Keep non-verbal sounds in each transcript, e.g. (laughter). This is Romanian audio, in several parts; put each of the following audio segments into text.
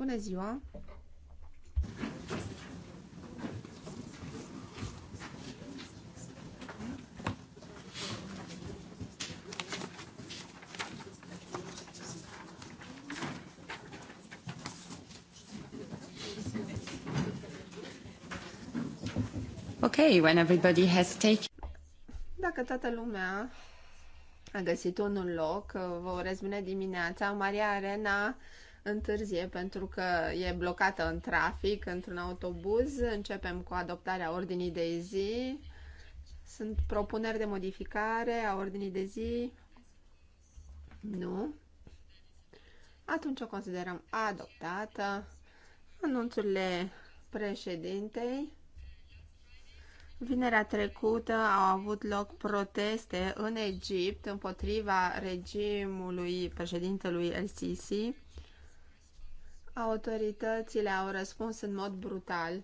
Bună ziua! Okay, when everybody has taken... Dacă toată lumea a găsit un loc, vă urez bună dimineața. Maria Arena întârzie pentru că e blocată în trafic, într-un autobuz. Începem cu adoptarea ordinii de zi. Sunt propuneri de modificare a ordinii de zi? Nu. Atunci o considerăm adoptată. Anunțurile președintei. Vinerea trecută au avut loc proteste în Egipt împotriva regimului președintelui El Sisi Autoritățile au răspuns în mod brutal.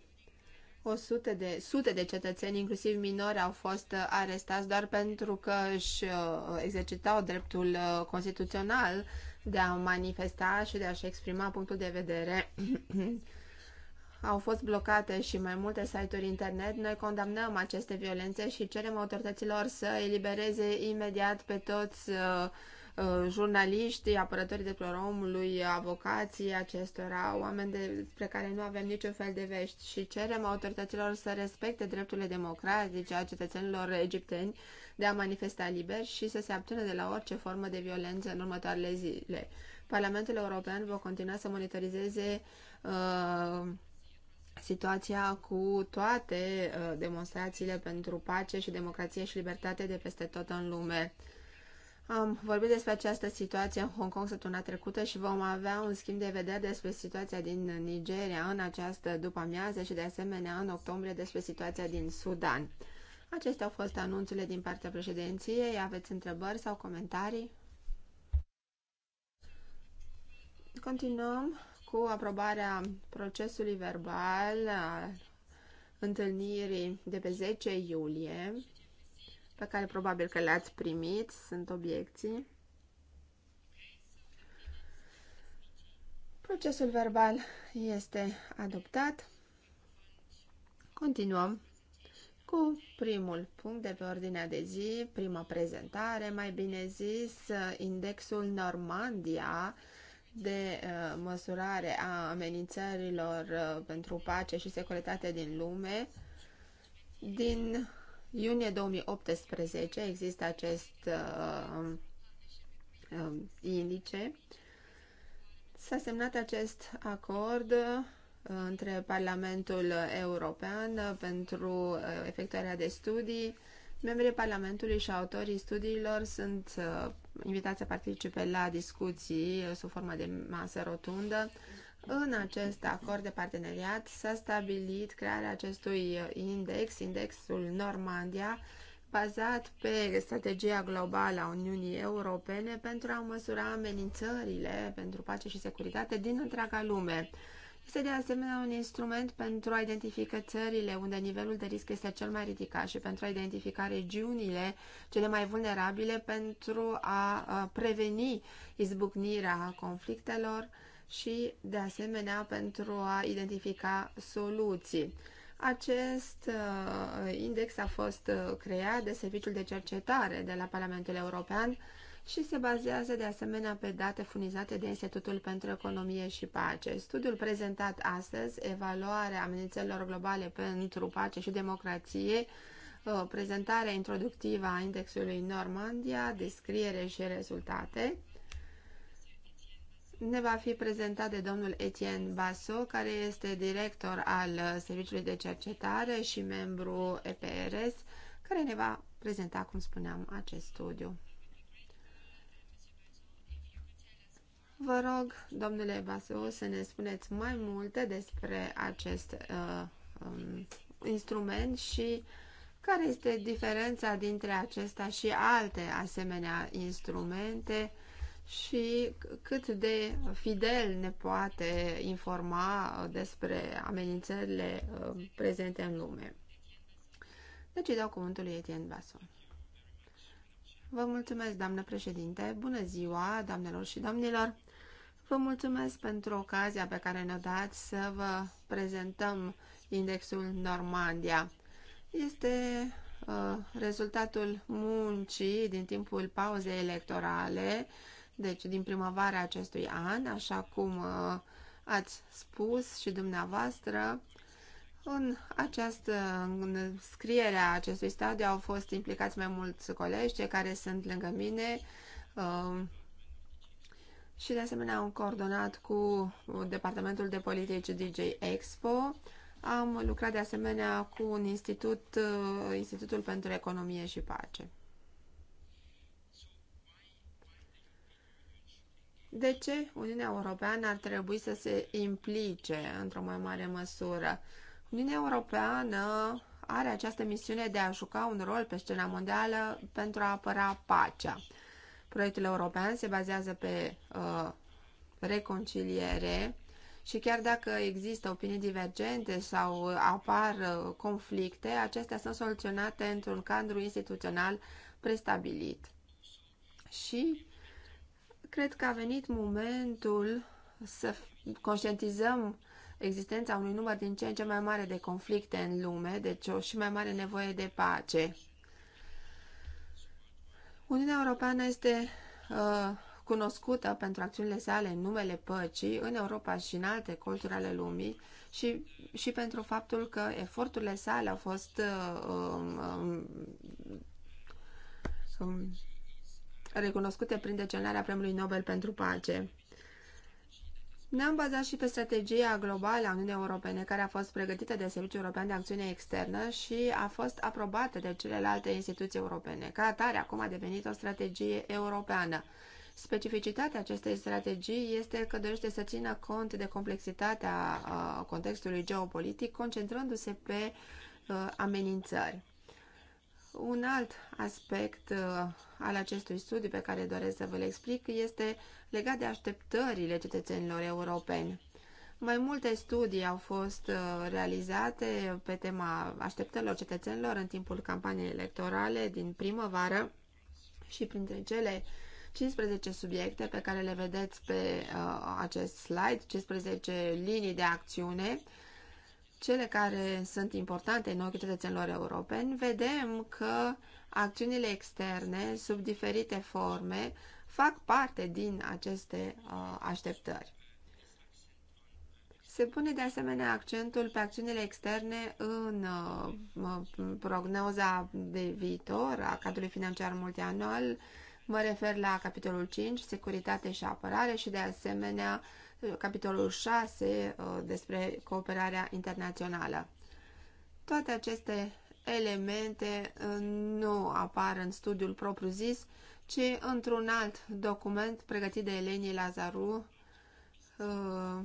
O sute de, sute de cetățeni, inclusiv minori, au fost uh, arestați doar pentru că își uh, exercitau dreptul uh, constituțional de a manifesta și de a-și exprima punctul de vedere. (clears throat) au fost blocate și mai multe site-uri internet. Noi condamnăm aceste violențe și cerem autorităților să elibereze imediat pe toți uh, Uh, jurnaliștii, apărătorii de omului, avocații acestora, oameni despre care nu avem niciun fel de vești și cerem autorităților să respecte drepturile democratice a cetățenilor egipteni de a manifesta liber și să se abțină de la orice formă de violență în următoarele zile. Parlamentul European va continua să monitorizeze uh, situația cu toate uh, demonstrațiile pentru pace și democrație și libertate de peste tot în lume. Am vorbit despre această situație în Hong Kong săptămâna trecută și vom avea un schimb de vedere despre situația din Nigeria în această după-amiază și de asemenea în octombrie despre situația din Sudan. Acestea au fost anunțurile din partea președinției. Aveți întrebări sau comentarii? Continuăm cu aprobarea procesului verbal al întâlnirii de pe 10 iulie pe care probabil că le-ați primit, sunt obiecții. Procesul verbal este adoptat. Continuăm cu primul punct de pe ordinea de zi, prima prezentare, mai bine zis, indexul Normandia de uh, măsurare a amenințărilor uh, pentru pace și securitate din lume din iunie 2018 există acest uh, uh, indice. S-a semnat acest acord uh, între Parlamentul European uh, pentru uh, efectuarea de studii. Membrii Parlamentului și autorii studiilor sunt invitați să participe la discuții sub formă de masă rotundă în acest acord de parteneriat s-a stabilit crearea acestui index, indexul Normandia, bazat pe strategia globală a Uniunii Europene pentru a măsura amenințările pentru pace și securitate din întreaga lume. Este de asemenea un instrument pentru a identifica țările unde nivelul de risc este cel mai ridicat și pentru a identifica regiunile cele mai vulnerabile pentru a preveni izbucnirea conflictelor și, de asemenea, pentru a identifica soluții. Acest uh, index a fost uh, creat de Serviciul de Cercetare de la Parlamentul European și se bazează de asemenea pe date furnizate de Institutul pentru Economie și Pace. Studiul prezentat astăzi, evaluarea amenințelor globale pentru pace și democrație, uh, prezentarea introductivă a indexului Normandia, descriere și rezultate, ne va fi prezentat de domnul Etienne Basso, care este director al uh, Serviciului de Cercetare și membru EPRS, care ne va prezenta, cum spuneam, acest studiu. Vă rog, domnule Basso, să ne spuneți mai multe despre acest uh, um, instrument și care este diferența dintre acesta și alte asemenea instrumente și cât de fidel ne poate informa uh, despre amenințările uh, prezente în lume. Deci îi dau cuvântul lui Etienne Basson. Vă mulțumesc, doamnă președinte, bună ziua, doamnelor și domnilor. Vă mulțumesc pentru ocazia pe care ne-o dați să vă prezentăm indexul Normandia. Este uh, rezultatul muncii din timpul pauzei electorale uh, deci din primăvara acestui an, așa cum uh, ați spus și dumneavoastră, în această în scriere a acestui stadiu au fost implicați mai mulți colegi, cei care sunt lângă mine uh, și de asemenea am coordonat cu Departamentul de Politici DJ Expo. Am lucrat de asemenea cu un institut, uh, Institutul pentru Economie și Pace. de ce Uniunea Europeană ar trebui să se implice într-o mai mare măsură? Uniunea Europeană are această misiune de a juca un rol pe scena mondială pentru a apăra pacea. Proiectul european se bazează pe uh, reconciliere și chiar dacă există opinii divergente sau apar uh, conflicte, acestea sunt soluționate într-un cadru instituțional prestabilit. Și Cred că a venit momentul să conștientizăm existența unui număr din ce în ce mai mare de conflicte în lume, deci o și mai mare nevoie de pace. Uniunea Europeană este uh, cunoscută pentru acțiunile sale în numele păcii în Europa și în alte culturi ale lumii și, și pentru faptul că eforturile sale au fost uh, um, um, um, recunoscute prin decenarea Premiului Nobel pentru Pace. Ne-am bazat și pe strategia globală a Uniunii Europene, care a fost pregătită de Serviciul European de Acțiune Externă și a fost aprobată de celelalte instituții europene. Ca atare, acum a devenit o strategie europeană. Specificitatea acestei strategii este că dorește să țină cont de complexitatea contextului geopolitic, concentrându-se pe amenințări. Un alt aspect uh, al acestui studiu pe care doresc să vă-l explic este legat de așteptările cetățenilor europeni. Mai multe studii au fost uh, realizate pe tema așteptărilor cetățenilor în timpul campaniei electorale din primăvară și printre cele 15 subiecte pe care le vedeți pe uh, acest slide, 15 linii de acțiune, cele care sunt importante în ochii cetățenilor europeni, vedem că acțiunile externe, sub diferite forme, fac parte din aceste uh, așteptări. Se pune de asemenea accentul pe acțiunile externe în uh, prognoza de viitor a cadrului financiar multianual. Mă refer la capitolul 5, securitate și apărare și de asemenea uh, capitolul 6 uh, despre cooperarea internațională. Toate aceste elemente uh, nu apar în studiul propriu-zis, ci într-un alt document pregătit de Eleni Lazaru, uh,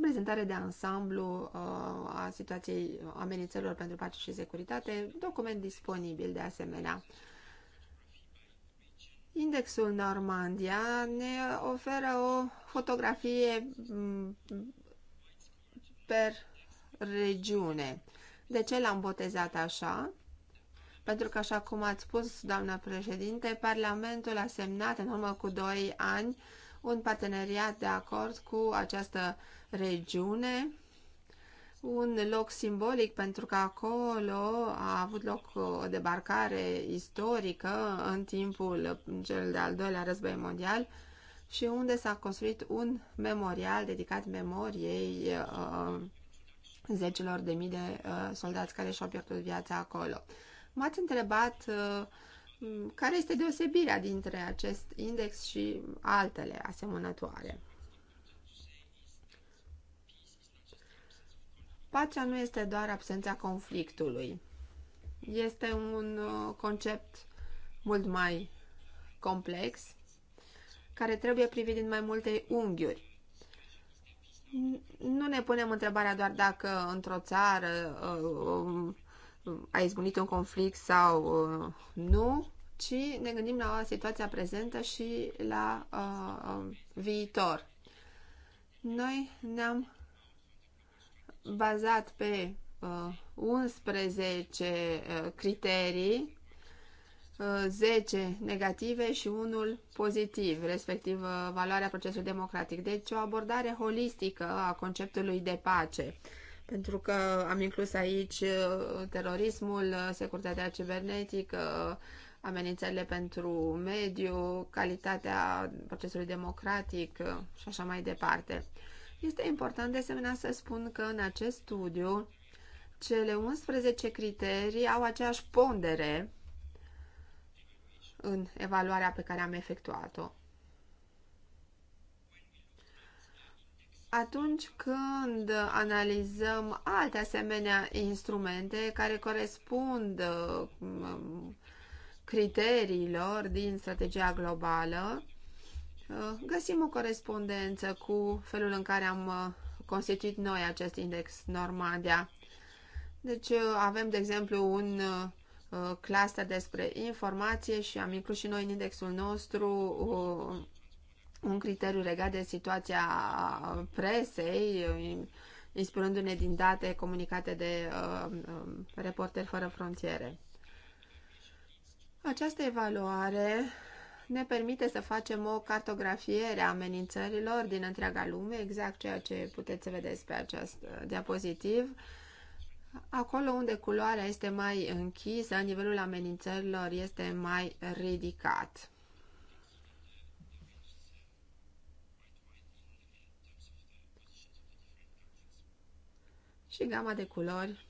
prezentare de ansamblu a situației amenințelor pentru pace și securitate, document disponibil de asemenea. Indexul Normandia ne oferă o fotografie mm, per regiune. De ce l-am botezat așa? Pentru că, așa cum ați spus, doamna președinte, Parlamentul a semnat în urmă cu 2 ani un parteneriat de acord cu această regiune un loc simbolic pentru că acolo a avut loc o debarcare istorică în timpul cel de-al doilea război mondial și unde s-a construit un memorial dedicat memoriei uh, zecilor de mii de uh, soldați care și-au pierdut viața acolo. M-ați întrebat uh, care este deosebirea dintre acest index și altele asemănătoare. Pacea nu este doar absența conflictului. Este un uh, concept mult mai complex, care trebuie privit din mai multe unghiuri. Nu ne punem întrebarea doar dacă într-o țară uh, a izbunit un conflict sau uh, nu, ci ne gândim la situația prezentă și la viitor. Noi ne-am bazat pe uh, 11 uh, criterii, uh, 10 negative și unul pozitiv, respectiv uh, valoarea procesului democratic. Deci o abordare holistică a conceptului de pace, pentru că am inclus aici uh, terorismul, uh, securitatea cibernetică, uh, amenințările pentru mediu, calitatea procesului democratic și așa mai departe. Este important de asemenea să spun că în acest studiu cele 11 criterii au aceeași pondere în evaluarea pe care am efectuat-o. Atunci când analizăm alte asemenea instrumente care corespund um, criteriilor din strategia globală, Uh, găsim o corespondență cu felul în care am uh, constituit noi acest index Normandia. Deci uh, avem, de exemplu, un cluster despre informație și am inclus și noi în indexul nostru un criteriu legat de situația presei, inspirându-ne din date comunicate de um, Reporteri Fără Frontiere. Această evaluare ne permite să facem o cartografiere a amenințărilor din întreaga lume, exact ceea ce puteți vedeți pe acest uh, diapozitiv. Acolo unde culoarea este mai închisă, nivelul amenințărilor este mai ridicat. Și gama de culori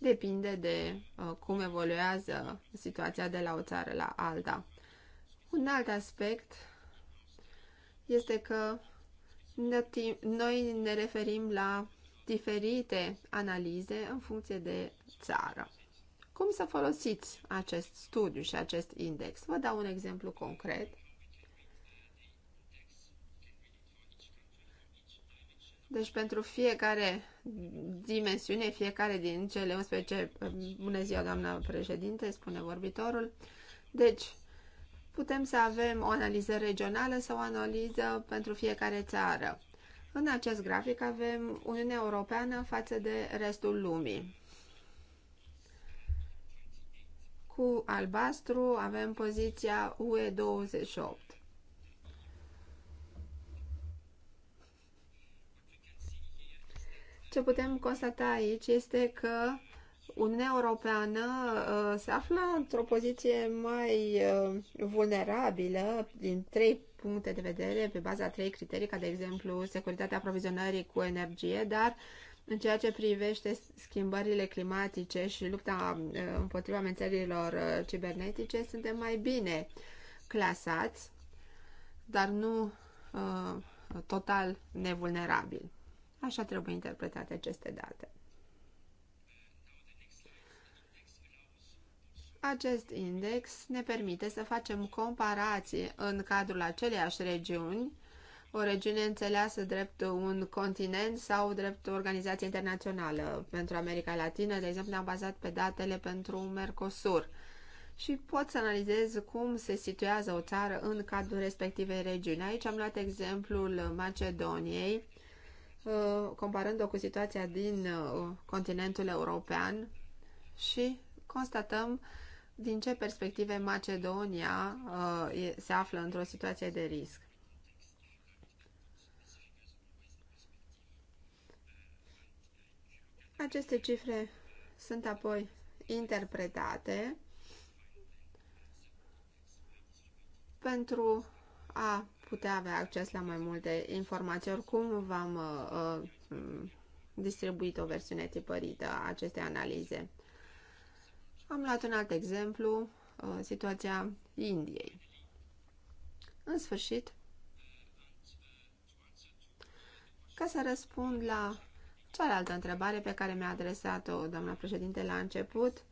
depinde de uh, cum evoluează situația de la o țară la alta. Un alt aspect este că noi ne referim la diferite analize în funcție de țară. Cum să folosiți acest studiu și acest index? Vă dau un exemplu concret. Deci pentru fiecare dimensiune, fiecare din cele 11, bună ziua doamna președinte, spune vorbitorul, deci putem să avem o analiză regională sau o analiză pentru fiecare țară. În acest grafic avem Uniunea Europeană față de restul lumii. Cu albastru avem poziția UE28. Ce putem constata aici este că Uniunea Europeană uh, se află într-o poziție mai uh, vulnerabilă din trei puncte de vedere, pe baza trei criterii, ca de exemplu securitatea aprovizionării cu energie, dar în ceea ce privește schimbările climatice și lupta uh, împotriva amenințărilor cibernetice, suntem mai bine clasați, dar nu total nevulnerabili. Așa trebuie interpretate aceste date. Acest index ne permite să facem comparații în cadrul aceleiași regiuni, o regiune înțeleasă drept un continent sau drept o organizație internațională. Pentru America Latină, de exemplu, ne-am bazat pe datele pentru Mercosur și pot să analizez cum se situează o țară în cadrul respectivei regiuni. Aici am luat exemplul Macedoniei, Uh, comparând-o cu situația din uh, continentul european și constatăm din ce perspective Macedonia uh, se află într-o situație de risc. Aceste cifre sunt apoi interpretate pentru a putea avea acces la mai multe informații. Oricum v-am uh, uh, distribuit o versiune tipărită a acestei analize. Am luat un alt exemplu, uh, situația Indiei. În sfârșit, ca să răspund la cealaltă întrebare pe care mi-a adresat-o doamna președinte la început,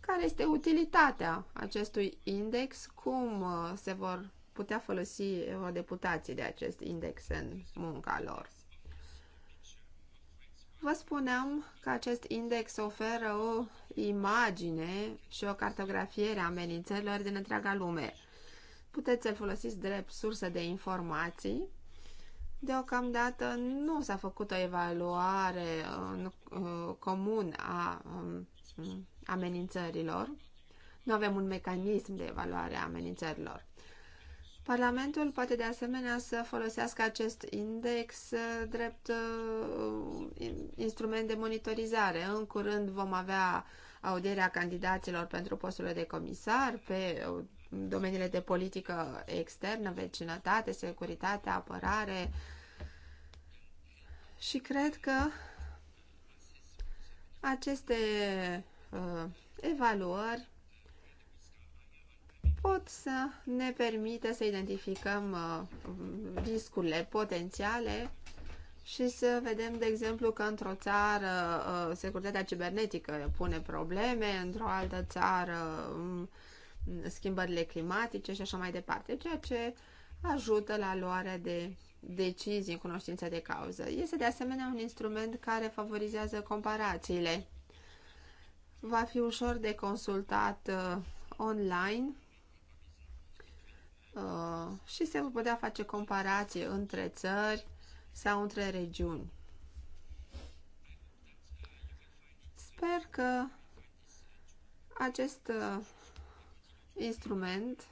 care este utilitatea acestui index, cum uh, se vor putea folosi o deputație de acest index în munca lor. Vă spuneam că acest index oferă o imagine și o cartografiere a amenințărilor din întreaga lume. Puteți să-l folosiți drept sursă de informații. Deocamdată nu s-a făcut o evaluare în, uh, uh, comun a um, amenințărilor. Nu avem un mecanism de evaluare a amenințărilor. Parlamentul poate de asemenea să folosească acest index uh, drept uh, instrument de monitorizare. În curând vom avea audierea candidaților pentru posturile de comisar pe uh, domeniile de politică externă, vecinătate, securitate, apărare și cred că aceste evaluări pot să ne permită să identificăm uh, riscurile potențiale și să vedem, de exemplu, că într-o țară uh, securitatea cibernetică pune probleme, într-o altă țară um, schimbările climatice și așa mai departe, ceea ce ajută la luarea de decizii în cunoștință de cauză. Este de asemenea un instrument care favorizează comparațiile. Va fi ușor de consultat uh, online Uh, și se vor putea face comparații între țări sau între regiuni. Sper că acest uh, instrument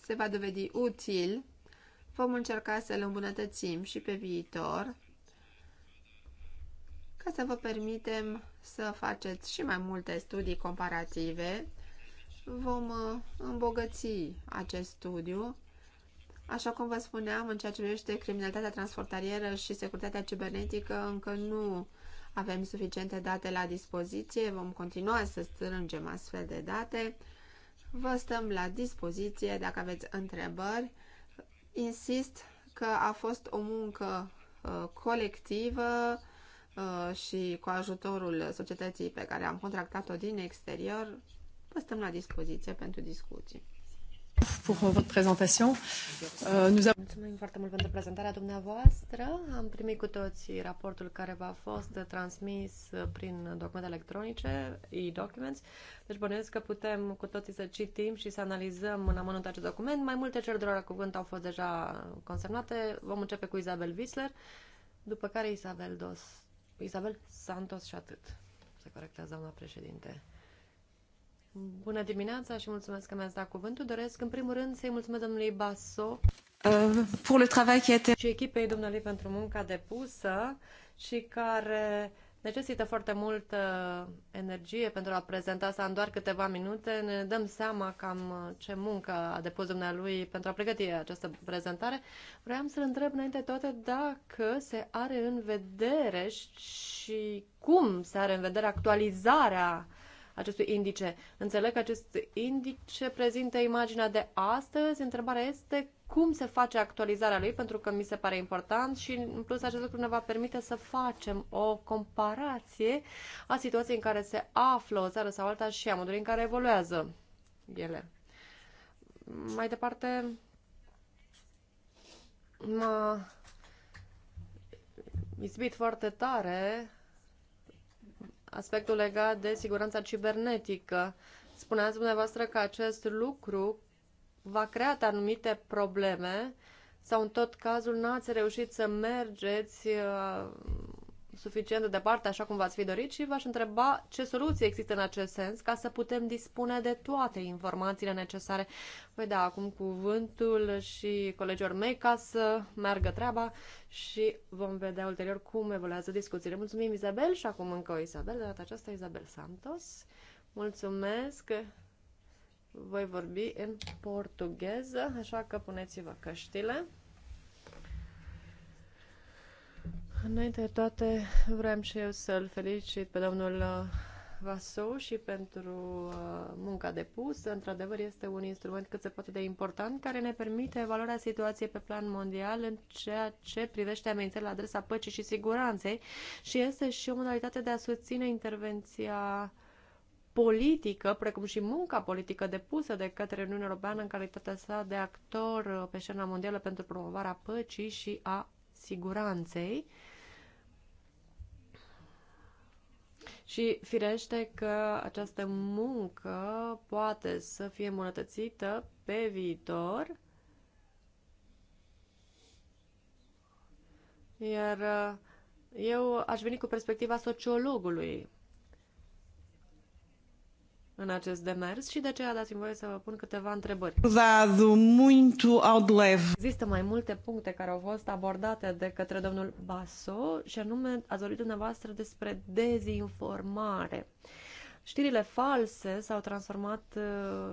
se va dovedi util. Vom încerca să-l îmbunătățim și pe viitor ca să vă permitem să faceți și mai multe studii comparative. Vom uh, îmbogăți acest studiu Așa cum vă spuneam, în ceea ce privește criminalitatea transfrontalieră și securitatea cibernetică, încă nu avem suficiente date la dispoziție, vom continua să strângem astfel de date. Vă stăm la dispoziție dacă aveți întrebări. Insist că a fost o muncă uh, colectivă uh, și cu ajutorul societății pe care am contractat-o din exterior, vă stăm la dispoziție pentru discuții. Euh, Mulțumim foarte mult pentru prezentarea dumneavoastră. Am primit cu toții raportul care v-a fost transmis prin documente electronice, e-documents. Deci bănuiesc că putem cu toții să citim și să analizăm în amănunt acest document. Mai multe cereri de la cuvânt au fost deja consemnate. Vom începe cu Isabel Wiesler, după care Isabel Dos. Isabel Santos și atât. Se corectează, doamna președinte. Bună dimineața și mulțumesc că mi-ați dat cuvântul. Doresc în primul rând să-i mulțumesc domnului Basso uh, pour le travail qui était... și echipei domnului pentru munca depusă și care necesită foarte multă energie pentru a prezenta asta în doar câteva minute. Ne dăm seama cam ce muncă a depus dumnealui pentru a pregăti această prezentare. Vreau să-l întreb înainte toate dacă se are în vedere și cum se are în vedere actualizarea uh, acestui indice. Înțeleg că acest indice prezintă imaginea de astăzi. Întrebarea este cum se face actualizarea lui, pentru că mi se pare important și, în plus, acest lucru ne va permite să facem o comparație a situației în care se află o țară sau alta și a modului în care evoluează ele. Mai departe, mă izbit foarte tare aspectul legat de siguranța cibernetică. Spuneați dumneavoastră că acest lucru va crea anumite probleme sau în tot cazul n-ați reușit să mergeți uh, suficient de departe, așa cum v-ați fi dorit, și v-aș întreba ce soluții există în acest sens ca să putem dispune de toate informațiile necesare. Voi da acum cuvântul și colegilor mei ca să meargă treaba și vom vedea ulterior cum evoluează discuțiile. Mulțumim, Izabel, și acum încă o Izabel, de data aceasta Izabel Santos. Mulțumesc! Voi vorbi în portugheză, așa că puneți-vă căștile. Înainte de toate, vreau și eu să-l felicit pe domnul uh, Vasou și pentru uh, munca depusă. Într-adevăr, este un instrument cât se poate de important care ne permite evaluarea situației pe plan mondial în ceea ce privește amenințările la adresa păcii și siguranței și este și o modalitate de a susține intervenția politică, precum și munca politică depusă de către Uniunea Europeană în calitatea sa de actor uh, pe scena mondială pentru promovarea păcii și a siguranței Și firește că această muncă poate să fie îmbunătățită pe viitor, iar uh, eu aș veni cu perspectiva sociologului în acest demers și de aceea dați-mi voie să vă pun câteva întrebări. Există mai multe puncte care au fost abordate de către domnul Baso și anume ați vorbit dumneavoastră despre dezinformare. Știrile false s-au transformat uh,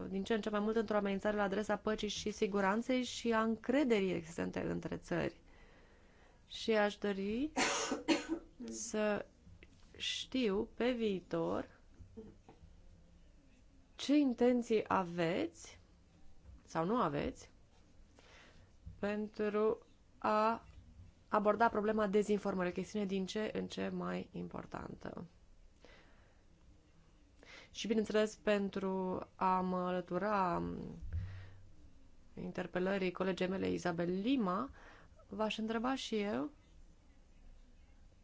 din ce în ce mai mult într-o amenințare la adresa păcii și siguranței și a încrederii existente între țări. Și aș dori să știu pe viitor ce intenții aveți sau nu aveți pentru a aborda problema dezinformării, chestiune din ce în ce mai importantă. Și, bineînțeles, pentru a mă alătura interpelării colegei mele Isabel Lima, v-aș întreba și eu,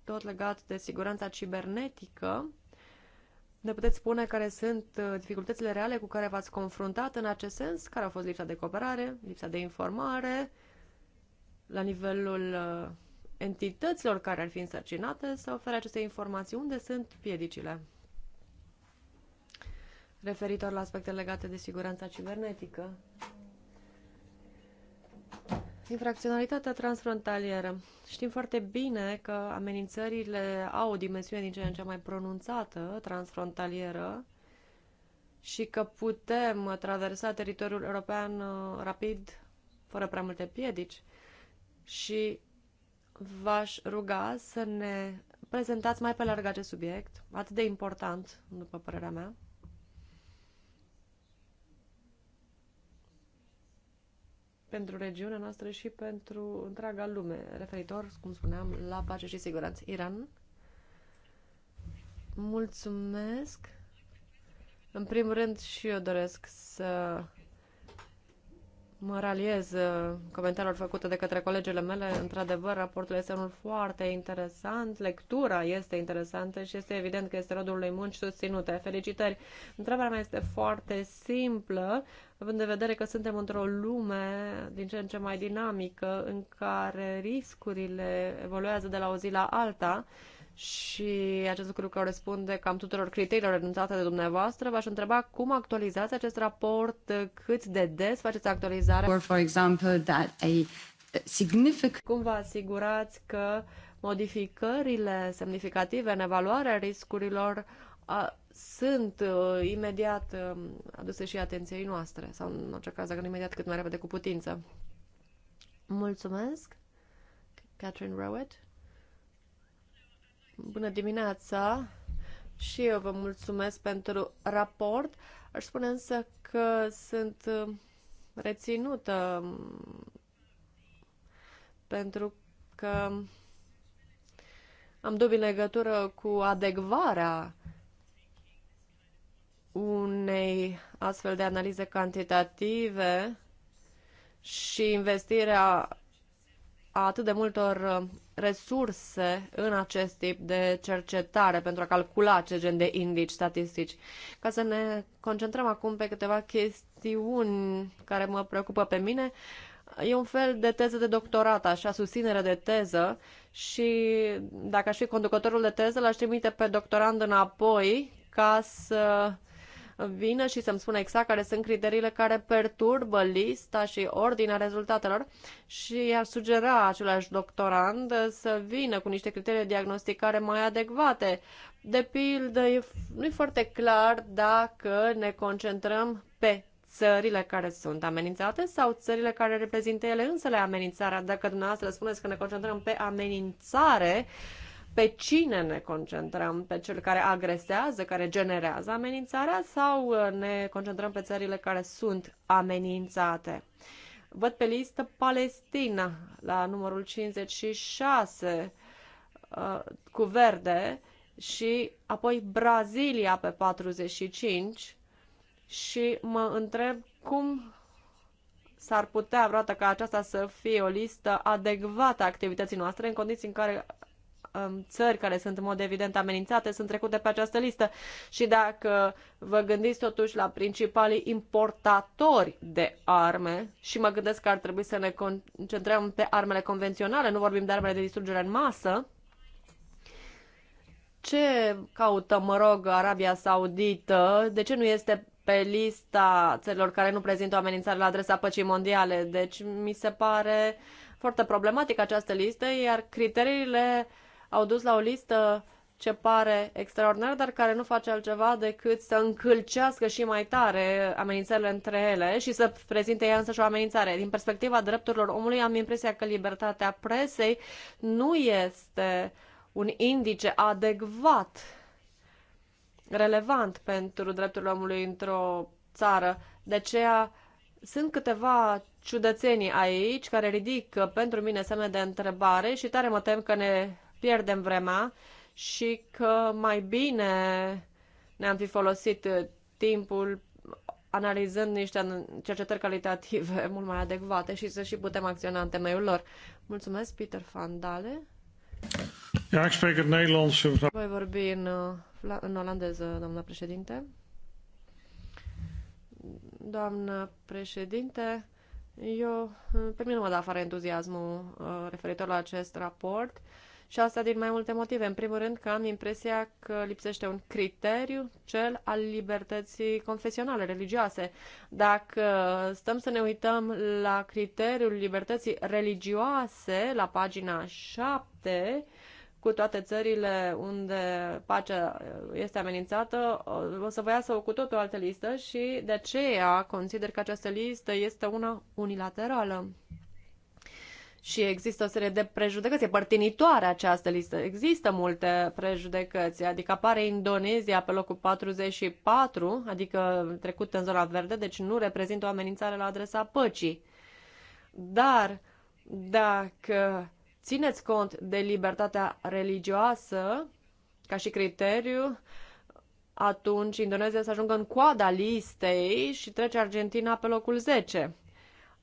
tot legat de siguranța cibernetică, ne puteți spune care sunt uh, dificultățile reale cu care v-ați confruntat în acest sens? Care a fost lipsa de cooperare, lipsa de informare la nivelul uh, entităților care ar fi însărcinate să ofere aceste informații? Unde sunt piedicile? Referitor la aspecte legate de siguranța cibernetică. Infracționalitatea transfrontalieră. Știm foarte bine că amenințările au o dimensiune din ce în ce mai pronunțată transfrontalieră și că putem traversa teritoriul european uh, rapid, fără prea multe piedici. Și v-aș ruga să ne prezentați mai pe larg acest subiect, atât de important, după părerea mea. pentru regiunea noastră și pentru întreaga lume, referitor, cum spuneam, la pace și siguranță. Iran? Mulțumesc! În primul rând și eu doresc să Mă raliez uh, comentariul făcut de către colegele mele. Într-adevăr, raportul este unul foarte interesant, lectura este interesantă și este evident că este rodul unei munci susținute. Felicitări! Întrebarea mea este foarte simplă, având de vedere că suntem într-o lume din ce în ce mai dinamică, în care riscurile evoluează de la o zi la alta și acest lucru corespunde cam tuturor criteriilor renunțate de dumneavoastră, v-aș întreba cum actualizați acest raport, cât de des faceți actualizarea. Or, for example, that a significant... Cum vă asigurați că modificările semnificative în evaluarea riscurilor a, sunt uh, imediat uh, aduse și atenției noastre, sau în orice caz, dacă nu imediat, cât mai repede cu putință. Mulțumesc, Catherine Rowett. Bună dimineața! Și eu vă mulțumesc pentru raport. Aș spune însă că sunt uh, reținută um, pentru că am dubii legătură cu adecvarea unei astfel de analize cantitative și investirea a atât de multor uh, resurse în acest tip de cercetare pentru a calcula acest gen de indici statistici. Ca să ne concentrăm acum pe câteva chestiuni care mă preocupă pe mine, e un fel de teză de doctorat, așa, susținere de teză și dacă aș fi conducătorul de teză, l-aș trimite pe doctorand înapoi ca să vină și să-mi spună exact care sunt criteriile care perturbă lista și ordinea rezultatelor și i-ar sugera același doctorand să vină cu niște criterii de diagnosticare mai adecvate. De pildă, nu e foarte clar dacă ne concentrăm pe țările care sunt amenințate sau țările care reprezintă ele însele amenințarea. Dacă dumneavoastră spuneți că ne concentrăm pe amenințare, uh, pe cine ne concentrăm, pe cel care agresează, care generează amenințarea sau uh, ne concentrăm pe țările care sunt amenințate. Văd pe listă Palestina la numărul 56 uh, cu verde și apoi Brazilia pe 45 și mă întreb cum s-ar putea vreodată ca aceasta să fie o listă adecvată a activității noastre în condiții în care Um, țări care sunt în mod evident amenințate sunt trecute pe această listă și dacă vă gândiți totuși la principalii importatori de arme și mă gândesc că ar trebui să ne concentrăm pe armele convenționale, nu vorbim de armele de distrugere în masă, ce caută, mă rog, Arabia Saudită? De ce nu este pe lista țărilor care nu prezintă o amenințare la adresa păcii mondiale? Deci mi se pare foarte problematică această listă, iar criteriile au dus la o listă ce pare extraordinar, dar care nu face altceva decât să încălcească și mai tare amenințările între ele și să prezinte ea însăși o amenințare. Din perspectiva drepturilor omului, am impresia că libertatea presei nu este un indice adecvat, relevant pentru drepturile omului într-o țară. De aceea sunt câteva ciudățenii aici care ridică pentru mine semne de întrebare și tare mă tem că ne pierdem vremea și că mai bine ne-am fi folosit uh, timpul analizând niște cercetări calitative (laughs) mult mai adecvate și să și putem acționa în temeiul lor. Mulțumesc, Peter Fandale. Ja, ik spreek het Nederlands. Eh, Voi vorbi în, uh, în olandeză, doamna președinte. Doamna președinte, eu, pe mine nu mă da afară entuziasmul uh, referitor la acest raport. Uh, și asta din mai multe motive. În primul rând că am impresia că lipsește un criteriu, cel al libertății confesionale, religioase. Dacă stăm să ne uităm la criteriul libertății religioase, la pagina 7, cu toate țările unde pacea este amenințată, o să vă iasă o tot o altă listă și de aceea consider că această listă este una unilaterală și există o serie de prejudecăți. E părtinitoare această listă. Există multe prejudecăți, adică apare Indonezia pe locul 44, adică trecut în zona verde, deci nu reprezintă o amenințare la adresa păcii. Dar dacă țineți cont de libertatea religioasă ca și criteriu, atunci Indonezia să ajungă în coada listei și trece Argentina pe locul 10.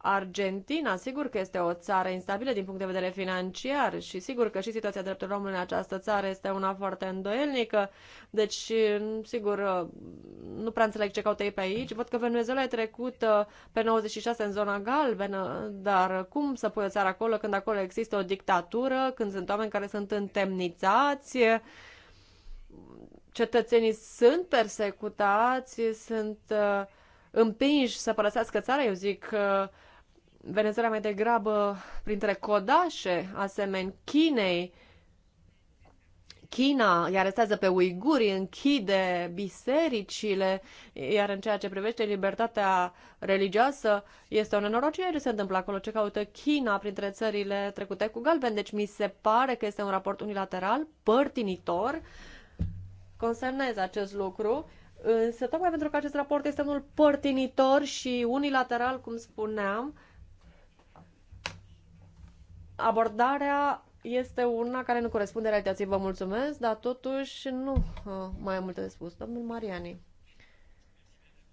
Argentina, sigur că este o țară instabilă din punct de vedere financiar și sigur că și situația drepturilor omului în această țară este una foarte îndoielnică, deci, mm, sigur, mm, nu prea înțeleg ce caută ei pe aici. Văd că Venezuela e trecută pe 96 în zona galbenă, dar cum să pui o țară acolo când acolo există o dictatură, când sunt oameni care sunt întemnițați, cetățenii sunt persecutați, sunt uh, împinși să părăsească țara, eu zic uh, Venezuela mai degrabă printre codașe, asemeni Chinei. China îi arestează pe uiguri, închide bisericile, iar în ceea ce privește libertatea religioasă, este o nenorocire ce se întâmplă acolo, ce caută China printre țările trecute cu galben. Deci mi se pare că este un raport unilateral, părtinitor, consemnez acest lucru, însă tocmai pentru că acest raport este unul părtinitor și unilateral, cum spuneam, abordarea este una care nu corespunde realității. Vă mulțumesc, dar totuși nu uh, mai am multe de spus. Domnul Mariani.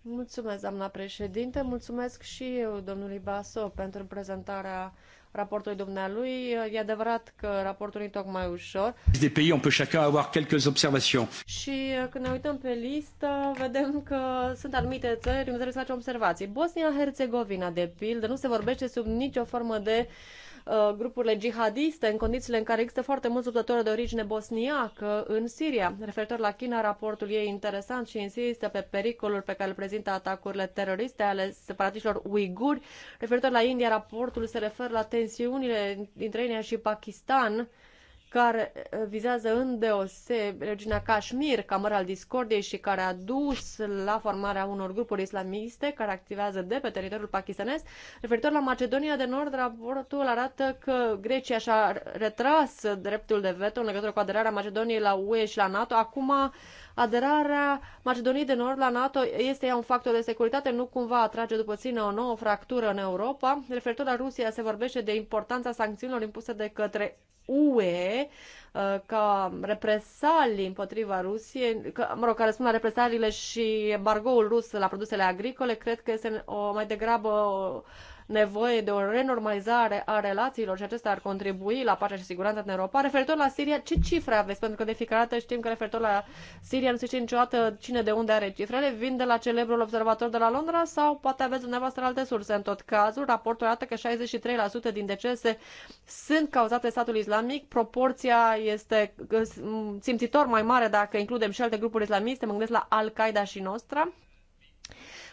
Mulțumesc, doamna președinte. Mulțumesc și eu, domnului Baso, pentru prezentarea raportului dumnealui. E adevărat că raportul e tocmai ușor. Des pays, on peut chacun avoir quelques observations. Și uh, când ne uităm pe listă, vedem că sunt anumite țări unde trebuie să facem observații. Bosnia-Herzegovina, de pildă, nu se vorbește sub nicio formă de uh, Uh, grupurile jihadiste în condițiile în care există foarte mulți luptători de origine bosniacă în Siria. Referitor la China, raportul ei interesant și insistă pe pericolul pe care îl prezintă atacurile teroriste ale separatiștilor uiguri. Referitor la India, raportul se referă la tensiunile dintre India și Pakistan care eh, vizează îndeoseb regiunea Kashmir, camăr al discordiei și care a dus la formarea unor grupuri islamiste care activează de pe teritoriul pakistanez. Referitor la Macedonia de Nord, raportul arată că Grecia și-a retras dreptul de veto în legătură cu aderarea Macedoniei la UE și la NATO. Acum Aderarea Macedoniei de Nord la NATO este ea un factor de securitate, nu cumva atrage după sine o nouă fractură în Europa. Referitor la Rusia, se vorbește de importanța sancțiunilor impuse de către UE uh, ca represalii împotriva Rusiei, că, mă rog, care spun la represaliile și embargoul rus la produsele agricole, cred că este o, mai degrabă o, nevoie de o renormalizare a relațiilor și acesta ar contribui la pacea și siguranța în Europa. Referitor la Siria, ce cifre aveți? Pentru că de fiecare dată știm că referitor la Siria nu se știe niciodată cine de unde are cifrele. Vin de la celebrul observator de la Londra sau poate aveți dumneavoastră alte surse? În tot cazul, raportul arată că 63% din decese sunt cauzate statul islamic. Proporția este simțitor mai mare dacă includem și alte grupuri islamiste. Mă gândesc la Al-Qaeda și Nostra.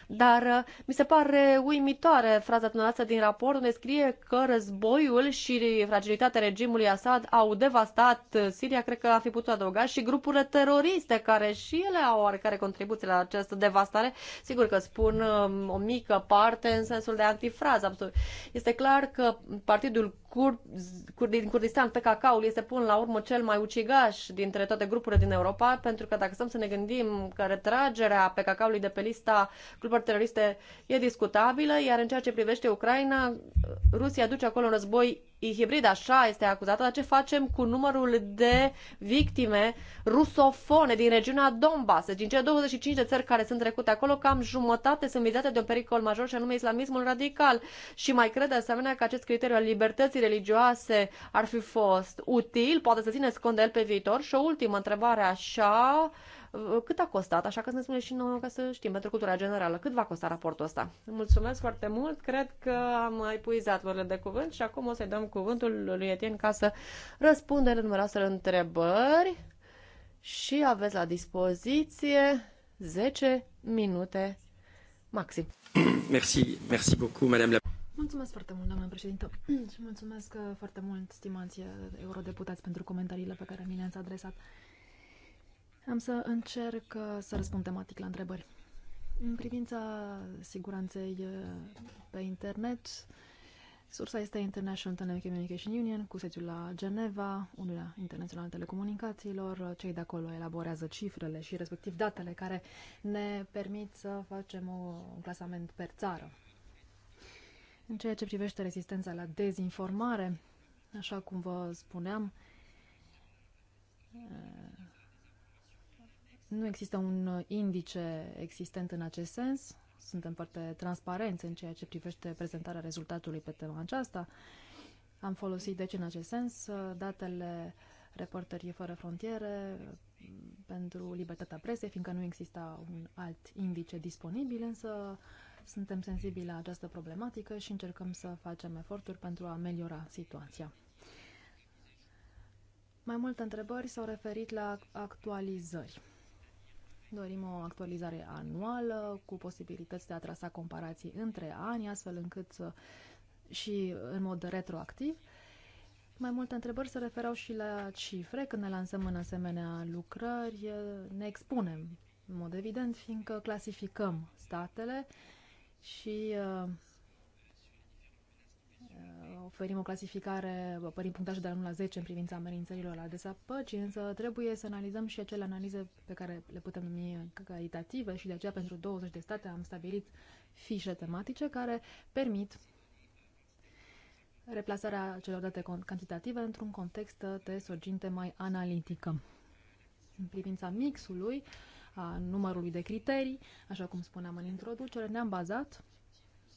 Dar uh, mi se pare uimitoare fraza dumneavoastră din raport unde scrie că războiul și fragilitatea regimului Assad au devastat uh, Siria, cred că a fi putut adăuga, și grupurile teroriste care și ele au oarecare contribuție la această devastare. Sigur că spun um, o mică parte în sensul de antifrază. Este clar că Partidul din Kurdistan, PKK-ul este până la urmă cel mai ucigaș dintre toate grupurile din Europa, pentru că dacă stăm să ne gândim că retragerea PKK-ului de pe lista grupurilor teroriste e discutabilă, iar în ceea ce privește Ucraina, Rusia duce acolo un război hibrid, așa este acuzată, dar ce facem cu numărul de victime rusofone din regiunea Donbass? Din deci, cele 25 de țări care sunt trecute acolo, cam jumătate sunt vizate de un pericol major și anume islamismul radical. Și mai cred de asemenea că acest criteriu al libertății religioase ar fi fost util, poate să țineți cont de el pe viitor. Și o ultimă întrebare așa, Uh, cât a costat? Așa că să ne spuneți și nouă ca să știm pentru cultura generală. Cât va costa raportul ăsta? Mulțumesc foarte mult. Cred că am mai puizat vorbele de cuvânt și acum o să-i dăm cuvântul lui Etien ca să răspundă la numeroasele întrebări. Și aveți la dispoziție 10 minute maxim. (clears throat) Merci, merci beaucoup, madame la... Mulțumesc foarte mult, doamnă președinte, (clears throat) și mulțumesc foarte mult, stimați eurodeputați, pentru comentariile pe care mi le-ați adresat. Am să încerc uh, să răspund tematic la întrebări. În privința siguranței uh, pe internet, sursa este International Telecommunication Union, cu sediul la Geneva, Uniunea Internațională a Telecomunicațiilor. Cei de acolo elaborează cifrele și respectiv datele care ne permit să facem o, un clasament per țară. În ceea ce privește rezistența la dezinformare, așa cum vă spuneam, uh, nu există un uh, indice existent în acest sens. Suntem foarte transparenți în ceea ce privește prezentarea rezultatului pe tema aceasta. Am folosit, deci, în acest sens, uh, datele Reporterii Fără Frontiere mm, pentru libertatea presei, fiindcă nu exista un alt indice disponibil, însă suntem sensibili la această problematică și încercăm să facem eforturi pentru a ameliora situația. Mai multe întrebări s-au referit la actualizări. Dorim o actualizare anuală cu posibilități de a trasa comparații între ani, astfel încât uh, și în mod retroactiv. Mai multe întrebări se referau și la cifre. Când ne lansăm în asemenea lucrări, uh, ne expunem, în mod evident, fiindcă clasificăm statele și uh, oferim o clasificare prin punctajul de la 1 la 10 în privința amenințărilor la adresa păcii, însă trebuie să analizăm și acele analize pe care le putem numi calitative și de aceea pentru 20 de state am stabilit fișe tematice care permit replasarea celor date cantitative într-un context de sorginte mai analitică. În privința mixului, a numărului de criterii, așa cum spuneam în introducere, ne-am bazat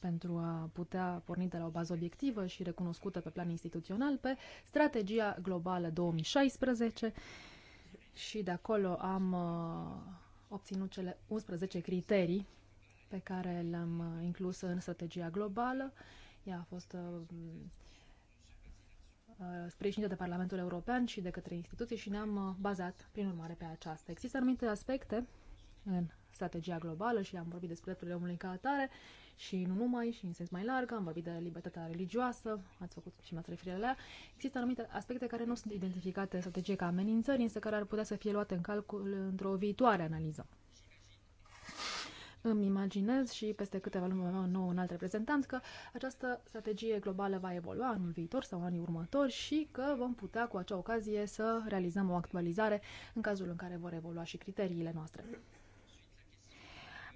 pentru a putea porni de la o bază obiectivă și recunoscută pe plan instituțional pe strategia globală 2016 și de acolo am uh, obținut cele 11 criterii pe care le-am uh, inclus în strategia globală. Ea a fost uh, sprijinită de Parlamentul European și de către instituții și ne-am bazat, prin urmare, pe aceasta. Există anumite aspecte în strategia globală și am vorbit despre drepturile omului ca atare și nu numai, și în sens mai larg, am vorbit de libertatea religioasă, ați făcut și mi-ați referire la ea, există anumite aspecte care nu sunt identificate în strategie ca amenințări, însă care ar putea să fie luate în calcul într-o viitoare analiză. Îmi imaginez și peste câteva luni mai nou un alt reprezentant că această strategie globală va evolua în viitor sau anii următori și că vom putea cu acea ocazie să realizăm o actualizare în cazul în care vor evolua și criteriile noastre.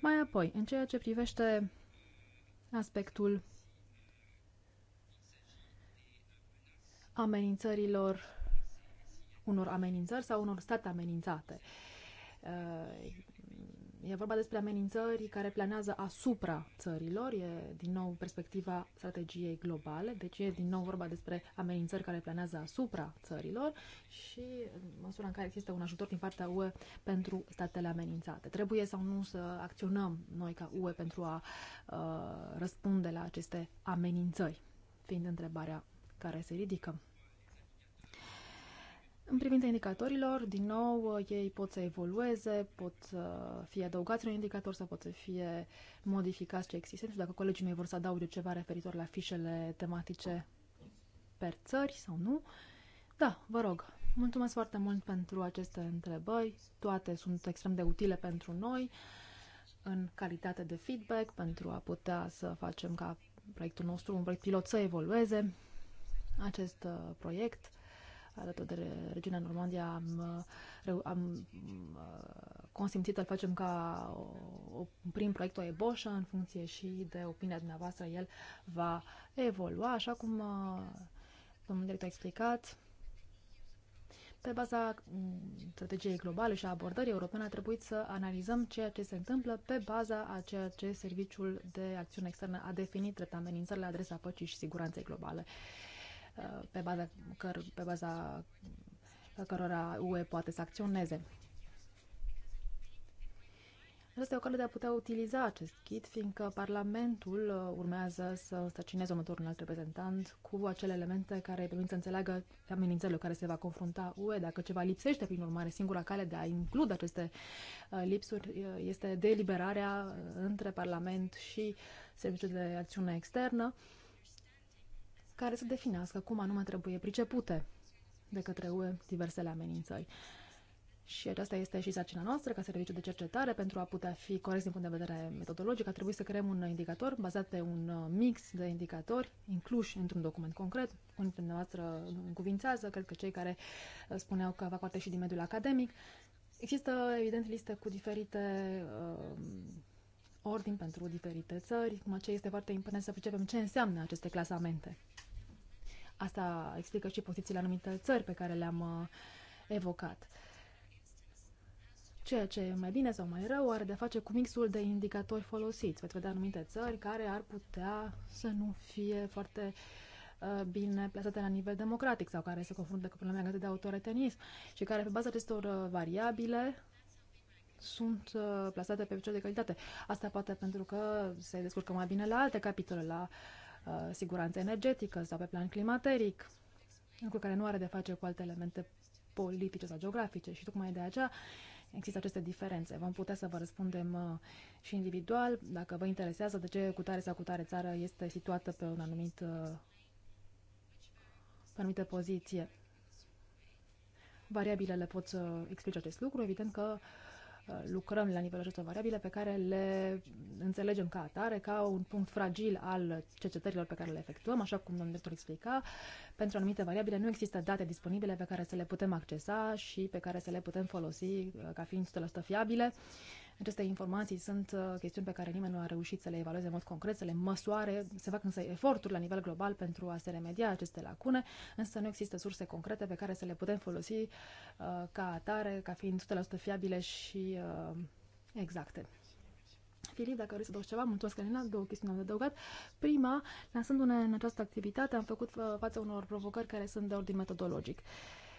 Mai apoi, în ceea ce privește aspectul amenințărilor, unor amenințări sau unor state amenințate. Uh, E vorba despre amenințări care planează asupra țărilor, e din nou perspectiva strategiei globale, deci e din nou vorba despre amenințări care planează asupra țărilor și măsura în care există un ajutor din partea UE pentru statele amenințate. Trebuie sau nu să acționăm noi ca UE pentru a uh, răspunde la aceste amenințări, fiind întrebarea care se ridică. În privința indicatorilor, din nou, uh, ei pot să evolueze, pot să fie adăugați un indicator sau pot să fie modificați ce existent. dacă colegii mei vor să adauge ceva referitor la fișele tematice per țări sau nu, da, vă rog. Mulțumesc foarte mult pentru aceste întrebări. Toate sunt extrem de utile pentru noi în calitate de feedback pentru a putea să facem ca proiectul nostru, un proiect pilot, să evolueze. Acest uh, proiect alături de regiunea Normandia, am, am uh, consimțit să facem ca o, o, proiect o eboșă în funcție și de opinia dumneavoastră, el va evolua, așa cum uh, domnul director a explicat. Pe baza mm, strategiei globale și a abordării europene a trebuit să analizăm ceea ce se întâmplă pe baza a ceea ce Serviciul de Acțiune Externă a definit drept amenințări la adresa păcii și siguranței globale. Uh, Uh, pe baza, căr, pe baza cărora UE poate să acționeze. Asta o cale de a putea utiliza acest kit, fiindcă Parlamentul uh, urmează să stăcineze următorul alt reprezentant cu acele elemente care îi permit să înțeleagă amenințările care se va confrunta UE. Dacă ceva lipsește, prin urmare, singura cale de a include aceste uh, lipsuri este deliberarea între Parlament și Serviciul de Acțiune Externă care să definească cum anume trebuie pricepute de către UE diversele amenințări. Și aceasta este și sarcina noastră ca serviciu de cercetare pentru a putea fi corect din punct de vedere metodologic. A trebuit să creăm un indicator bazat pe un uh, mix de indicatori incluși într-un document concret. Unii dintre noastră încuvințează, cred că cei care uh, spuneau că fac parte și din mediul academic. Există, evident, liste cu diferite uh, ordini pentru diferite țări. Cum ce este foarte important să pricepem ce înseamnă aceste clasamente. Asta explică și pozițiile anumite țări pe care le-am uh, evocat. Ceea ce mai bine sau mai rău are de face cu mixul de indicatori folosiți. Veți vedea anumite țări care ar putea să nu fie foarte uh, bine plasate la nivel democratic sau care se confruntă cu probleme legate de autoritarism și care pe baza acestor uh, variabile sunt plasate pe picior de calitate. Asta poate pentru că se descurcă mai bine la alte capitole, la uh, Uh, siguranță energetică sau pe plan climateric, lucru care nu are de face cu alte elemente politice sau geografice și tocmai de aceea există aceste diferențe. Vom putea să vă răspundem uh, și individual dacă vă interesează de ce cu tare sau cu tare țară este situată pe un anumit uh, pe anumită poziție. Variabilele pot să explice acest lucru, evident că uh, lucrăm la nivelul acestor variabile pe care le înțelegem ca atare, ca un punct fragil al cercetărilor pe care le efectuăm, așa cum domnul director explica, pentru anumite variabile nu există date disponibile pe care să le putem accesa și pe care să le putem folosi uh, ca fiind 100% fiabile. Uh, aceste informații sunt uh, chestiuni pe care nimeni nu a reușit să le evalueze în mod concret, să le măsoare. Se fac însă eforturi la nivel global pentru a se remedia aceste lacune, însă nu există surse concrete pe care să le putem folosi uh, ca atare, ca fiind 100% fiabile și uh, exacte. Filip, dacă vrei să adaugi ceva, mulțumesc, Elena, două chestiuni am adăugat. Prima, lansându-ne în această activitate, am făcut uh, față unor provocări care sunt de ordin metodologic. Uh,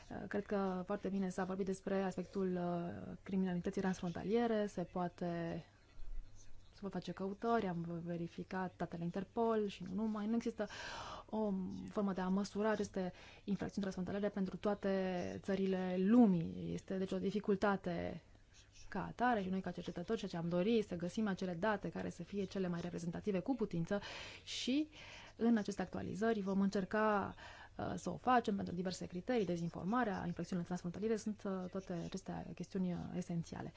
Eh, cred că foarte bine s-a vorbit despre aspectul eh, criminalității transfrontaliere, se poate se pot face căutări, am verificat datele Interpol și nu numai. Nu există o formă de a măsura aceste infracțiuni transfrontaliere pentru toate țările lumii. Este deci o dificultate ca atare și noi ca cercetători ceea ce am dorit să găsim acele date care să fie cele mai reprezentative cu putință și în aceste actualizări vom încerca Uh, să o facem pentru diverse criterii, dezinformarea, infecțiunile transfrontaliere, sunt uh, toate aceste chestiuni uh, esențiale.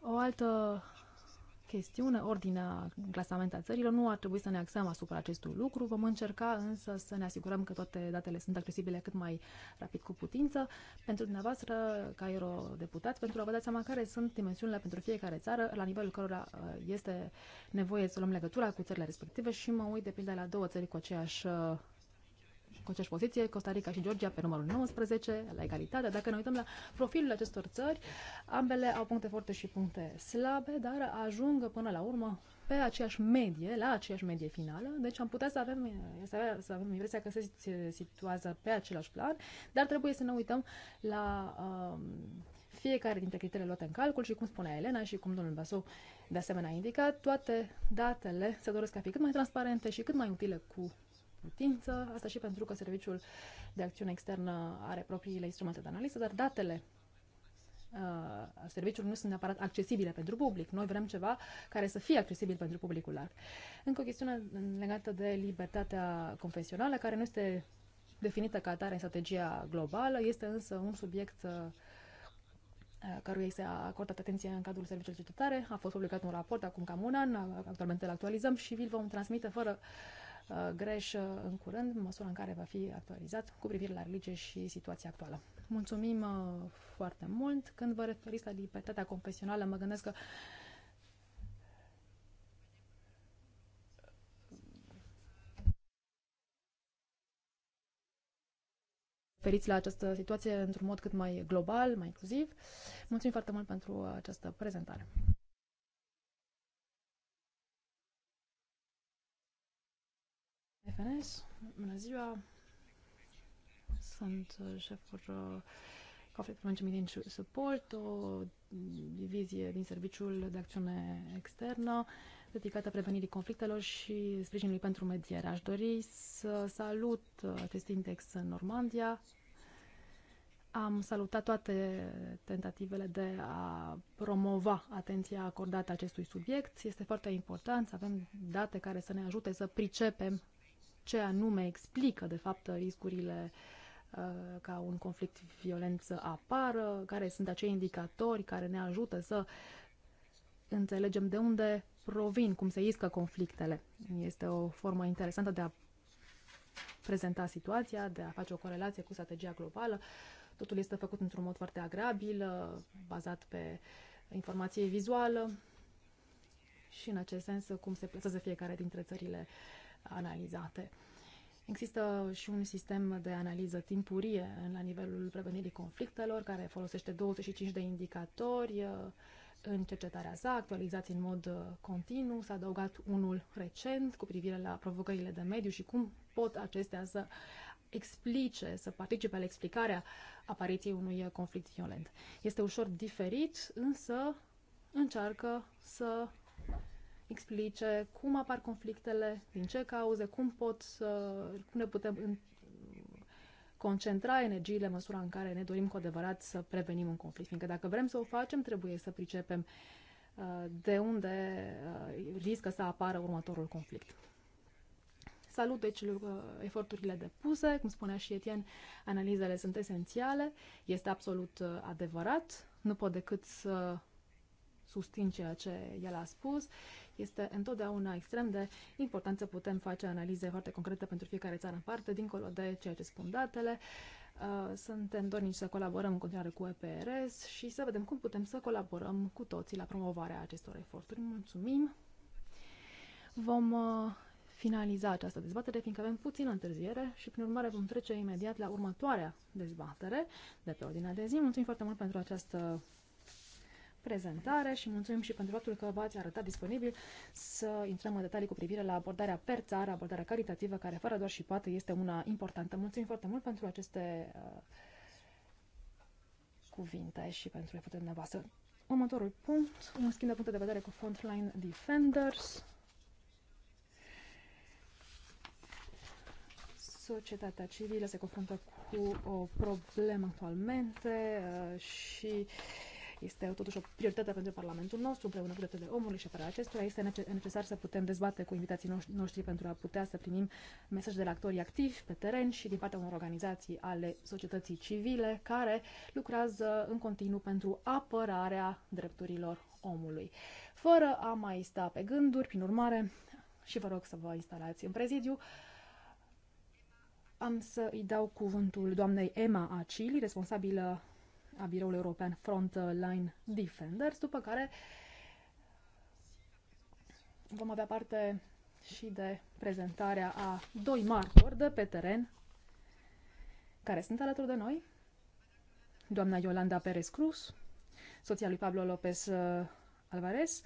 O altă chestiune, ordinea clasament a țărilor, nu ar trebui să ne axăm asupra acestui lucru. Vom încerca însă să ne asigurăm că toate datele sunt accesibile cât mai rapid cu putință pentru dumneavoastră, ca eurodeputați, pentru a vă da seama care sunt dimensiunile pentru fiecare țară, la nivelul cărora este nevoie să luăm legătura cu țările respective și mă uit de pildă la două țări cu aceeași cu aceeași poziție, Costa Rica și Georgia pe numărul 19, la egalitate. Dacă ne uităm la profilul acestor țări, ambele au puncte forte și puncte slabe, dar ajung până la urmă pe aceeași medie, la aceeași medie finală, deci am putea să avem, să avem, să avem impresia că se situează pe același plan, dar trebuie să ne uităm la um, fiecare dintre criteriile luate în calcul și cum spunea Elena și cum domnul Basou de asemenea a indicat, toate datele se doresc a fi cât mai transparente și cât mai utile cu putință, asta și pentru că Serviciul de Acțiune Externă are propriile instrumente de analiză, dar datele uh, serviciului nu sunt neapărat accesibile pentru public. Noi vrem ceva care să fie accesibil pentru publicul larg. Încă o chestiune legată de libertatea confesională, care nu este definită ca atare în strategia globală, este însă un subiect uh, căruia se a acordat atenție în cadrul serviciului cercetare. A fost publicat un raport acum cam un an, actualmente îl actualizăm și vi-l vom transmite fără uh, Uh, greș uh, în curând, în măsura în care va fi actualizat cu privire la religie și situația actuală. Mulțumim uh, foarte mult. Când vă referiți la libertatea confesională, mă gândesc că referiți la această situație într-un mod cât mai global, mai inclusiv. Mulțumim foarte mult pentru această prezentare. Stefanes, bună ziua! Sunt uh, șeful uh, Coffee Prevention Meeting Support, o divizie din Serviciul de Acțiune Externă dedicată prevenirii conflictelor și sprijinului pentru mediere. Aș dori să salut uh, acest index în Normandia. Am salutat toate tentativele de a promova atenția acordată acestui subiect. Este foarte important să avem date care să ne ajute să pricepem ce anume explică, de fapt, riscurile uh, ca un conflict violent să apară, care sunt acei indicatori care ne ajută să înțelegem de unde provin, cum se iscă conflictele. Este o formă interesantă de a prezenta situația, de a face o corelație cu strategia globală. Totul este făcut într-un mod foarte agreabil, uh, bazat pe informație vizuală și în acest sens cum se plasează fiecare dintre țările uh, analizate. Există și un sistem de analiză timpurie la nivelul prevenirii conflictelor, care folosește 25 de indicatori uh, în cercetarea sa, actualizați în mod uh, continuu. S-a adăugat unul recent cu privire la provocările de mediu și cum pot acestea să explice, să participe la explicarea apariției unui uh, conflict violent. Este ușor diferit, însă încearcă să explice cum apar conflictele, din ce cauze, cum pot să, cum ne putem concentra energiile în măsura în care ne dorim cu adevărat să prevenim un conflict. Fiindcă dacă vrem să o facem, trebuie să pricepem uh, de unde uh, riscă să apară următorul conflict. Salut, deci, uh, eforturile depuse. Cum spunea și Etienne, analizele sunt esențiale. Este absolut adevărat. Nu pot decât să susțin ceea ce el a spus. Este întotdeauna extrem de important să putem face analize foarte concrete pentru fiecare țară în parte, dincolo de ceea ce spun datele. Uh, suntem dornici să colaborăm în continuare cu EPRS și să vedem cum putem să colaborăm cu toții la promovarea acestor eforturi. Mulțumim! Vom uh, finaliza această dezbatere, fiindcă avem puțină întârziere și, prin urmare, vom trece imediat la următoarea dezbatere de pe ordinea de zi. Mulțumim foarte mult pentru această prezentare și mulțumim și pentru faptul că v-ați arătat disponibil să intrăm în detalii cu privire la abordarea per țară, abordarea caritativă, care fără doar și poate este una importantă. Mulțumim foarte mult pentru aceste uh, cuvinte și pentru efortul dumneavoastră. Următorul punct, un schimb de puncte de vedere cu Frontline Defenders. Societatea civilă se confruntă cu o problemă actualmente uh, și uh, este totuși o prioritate pentru Parlamentul nostru, împreună cu drepturile omului și apărarea acestuia. Este necesar să putem dezbate cu invitații noștri pentru a putea să primim mesaje de la actorii activi pe teren și din partea unor organizații ale societății civile care lucrează în continuu pentru apărarea drepturilor omului. Fără a mai sta pe gânduri, prin urmare, și vă rog să vă instalați în prezidiu, am să îi dau cuvântul doamnei Emma Acili, responsabilă a biroului european Frontline Defenders, după care vom avea parte și de prezentarea a doi martori de pe teren care sunt alături de noi. Doamna Yolanda Perez Cruz, soția lui Pablo López uh, Alvarez,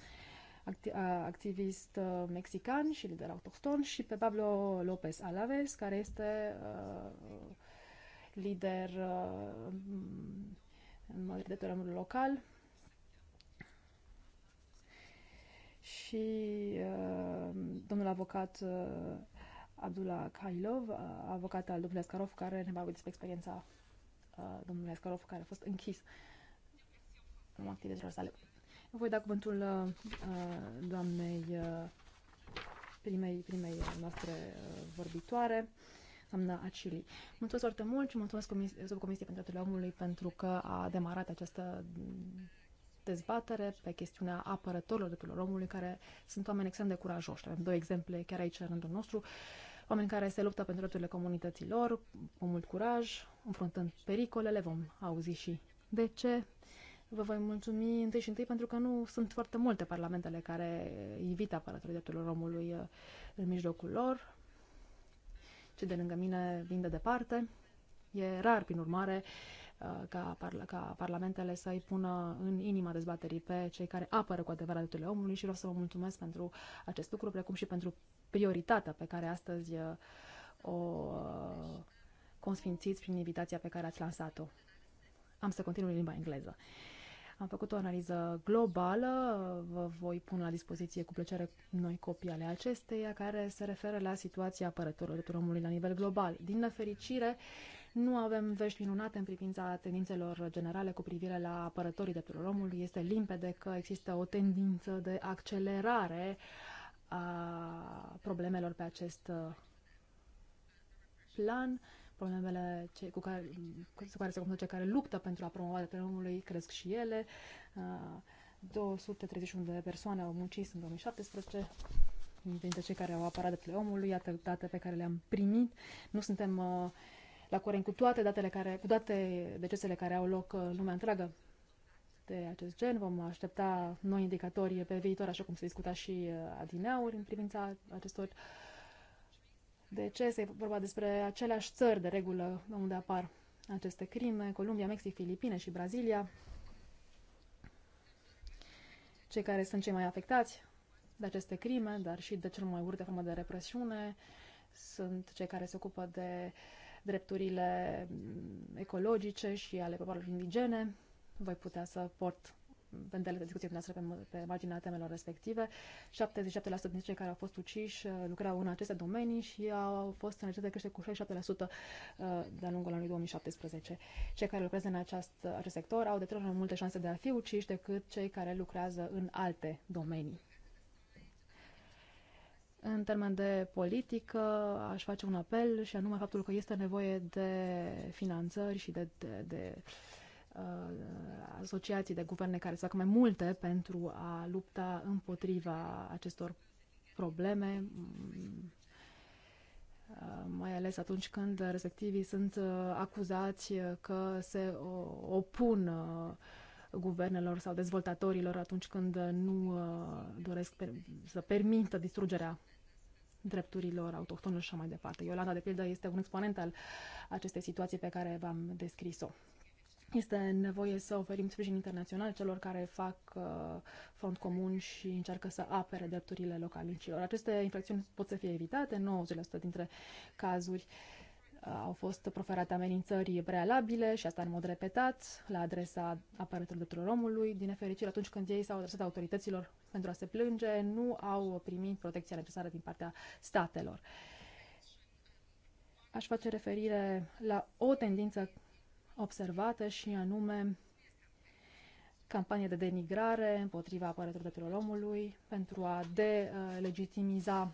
uh, activist uh, mexican și lider autohton, și pe Pablo López Alaves, care este uh, lider uh, în modalitate la modul local și uh, domnul avocat uh, Abdullah Kailov, uh, avocat al domnului Ascarov, care ne va despre experiența uh, domnului Ascarov, care a fost închis în activităților sale. Voi da cuvântul uh, uh, doamnei uh, primei, primei noastre uh, vorbitoare. Uh, doamna Acili. Mulțumesc foarte mult și mulțumesc comis- subcomisiei pentru drepturile omului pentru că a demarat această dezbatere pe chestiunea apărătorilor drepturilor omului, care sunt oameni extrem de curajoși. Avem două exemple chiar aici în rândul nostru. Oameni care se luptă pentru drepturile comunităților, cu mult curaj, înfruntând pericolele, vom auzi și de ce. Vă voi mulțumi întâi și întâi pentru că nu sunt foarte multe parlamentele care invită apărătorii drepturilor omului uh, în mijlocul lor. Cei de lângă mine vin de departe. E rar, prin urmare, uh, ca, parla, ca parlamentele să-i pună în inima dezbaterii pe cei care apără cu adevărat drepturile omului și vreau să vă mulțumesc pentru acest lucru, precum și pentru prioritatea pe care astăzi uh, o uh, consfințiți prin invitația pe care ați lansat-o. Am să continui în limba engleză. Uh, am făcut o analiză globală, vă voi pun la dispoziție cu plăcere noi copii ale acesteia, care se referă la situația apărătorilor omului la nivel global. Din nefericire, nu avem vești minunate în privința tendințelor generale cu privire la apărătorii de omului. Este limpede că există o tendință de accelerare a problemelor pe acest uh, plan problemele ce, cu, care, cu care se confruntă cei care luptă pentru a promova drepturile omului cresc și ele. 231 uh, de persoane au muncit în 2017 dintre cei care au apărat drepturile omului, iată date pe care le-am primit. Nu suntem uh, la curent cu toate datele care, cu toate decesele care au loc în lumea întreagă de acest gen. Vom aștepta noi indicatori pe viitor, așa cum se discuta și uh, adineauri în privința acestor uh, de ce este vorba despre aceleași țări de regulă de unde apar aceste crime, Columbia, Mexic, Filipine și Brazilia, cei care sunt cei mai afectați de aceste crime, dar și de cel mai urte formă de represiune, sunt cei care se ocupă de drepturile mm, ecologice și ale popoarelor indigene. Voi putea să port pendele de discuție cu noastră pe, pe marginea temelor respective. 77% dintre cei care au fost uciși uh, lucrau în aceste domenii și au fost în de crește cu 67% uh, de-a lungul anului 2017. Cei care lucrează în aceast, uh, acest sector au de trei ori mai multe șanse de a fi uciși decât cei care lucrează în alte domenii. În termen de politică, aș face un apel și anume faptul că este nevoie de finanțări și de, de, de uh, Uh, asociații de guverne care să facă mai multe pentru a lupta împotriva acestor probleme, mm, mai ales atunci când respectivii sunt uh, acuzați că se uh, opun guvernelor sau dezvoltatorilor atunci când nu doresc să permită distrugerea drepturilor autohtonilor și așa mai departe. Iolanda, de pildă, este un exponent al acestei situații pe care v-am descris-o. Este nevoie să oferim sprijin internațional celor care fac uh, front comun și încearcă să apere drepturile localnicilor. Aceste infracțiuni pot să fie evitate, 90% dintre cazuri uh, au fost proferate amenințări prealabile și asta în mod repetat la adresa apărătorilor drepturilor omului. Din nefericire, atunci când ei s-au adresat autorităților pentru a se plânge, nu au primit protecția necesară din partea statelor. Aș face referire la o tendință observată și anume campanie de denigrare împotriva apărătorilor drepturilor omului pentru a delegitimiza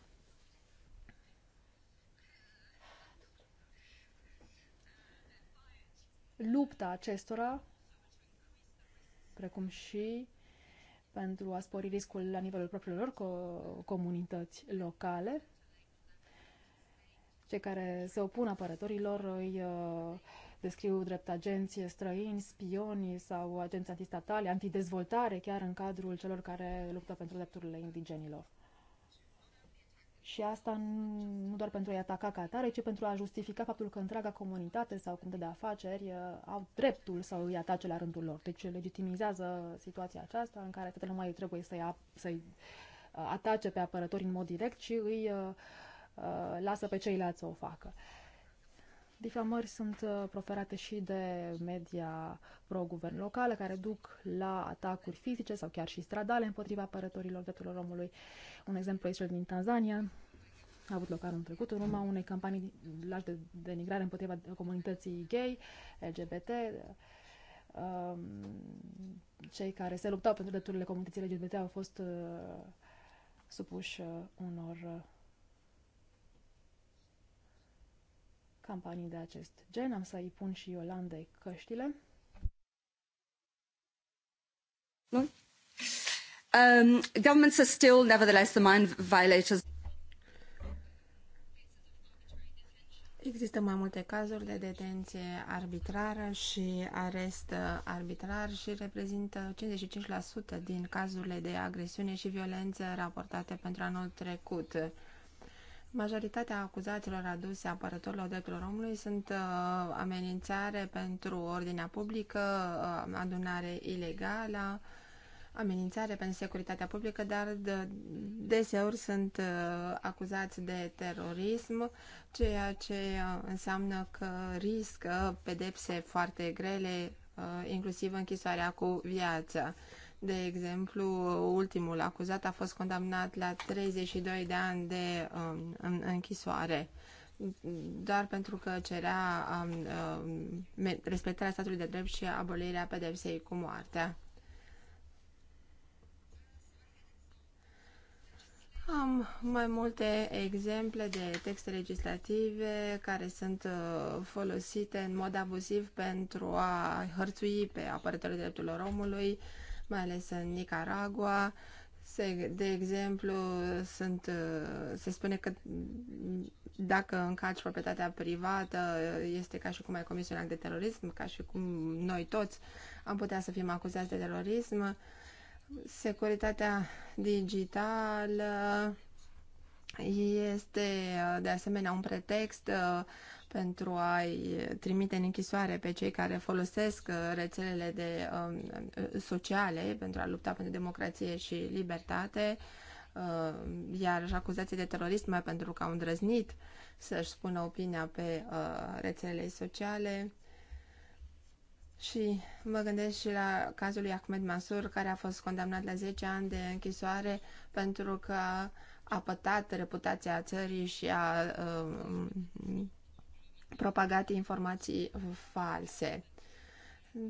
lupta acestora, precum și pentru a spori riscul la nivelul propriilor co- comunități locale. Cei care se opun apărătorilor îi uh, descriu drept agenții străini, spioni sau agenți antistatale, antidezvoltare chiar în cadrul celor care luptă pentru drepturile indigenilor. Și asta nu doar pentru a-i ataca ca atare, ci pentru a justifica faptul că întreaga comunitate sau cum de afaceri uh, au dreptul să îi atace la rândul lor. Deci legitimizează situația aceasta în care statele nu mai trebuie să-i, să uh, atace pe apărători în mod direct, ci îi uh, uh, lasă pe ceilalți să o facă. Difamări sunt uh, proferate și de media pro-guvern locale, care duc la atacuri fizice sau chiar și stradale împotriva apărătorilor drepturilor omului. Un exemplu este cel din Tanzania, a avut loc anul trecut în urma unei campanii largi de denigrare împotriva comunității gay, LGBT, um, cei care se luptau pentru drepturile comunității LGBT au fost uh, supuși uh, unor campanii de acest gen. Am să-i pun și Iolandei căștile. Um, governments are still, nevertheless, the mine violators. Există mai multe cazuri de detenție arbitrară și arest arbitrar și reprezintă 55% din cazurile de agresiune și violență raportate pentru anul trecut. Majoritatea acuzațiilor aduse apărătorilor drepturilor omului sunt uh, amenințare pentru ordinea publică, uh, adunare ilegală, amenințare pentru securitatea publică, dar de, deseori sunt uh, acuzați de terorism, ceea ce uh, înseamnă că riscă pedepse foarte grele, uh, inclusiv închisoarea cu viață. De exemplu, ultimul acuzat a fost condamnat la 32 de ani de um, închisoare doar pentru că cerea um, um respectarea statului de drept și abolirea pedepsei cu moartea. Am mai multe exemple de texte legislative care sunt uh, folosite în mod abuziv pentru a hărțui pe apărătorii drepturilor omului, mai ales în Nicaragua. Se, de exemplu, sunt, se spune că dacă încalci proprietatea privată, este ca și cum ai comis un act de terorism, ca și cum noi toți am putea să fim acuzați de terorism. Securitatea digitală este de asemenea un pretext pentru a-i trimite în închisoare pe cei care folosesc uh, rețelele de, um, sociale pentru a lupta pentru democrație și libertate, iar uh, iar acuzații de terorism mai pentru că au îndrăznit să-și spună opinia pe uh, rețelele sociale. Și mă gândesc și la cazul lui Ahmed Masur, care a fost condamnat la 10 ani de închisoare pentru că a pătat reputația țării și a uh, propagate informații false.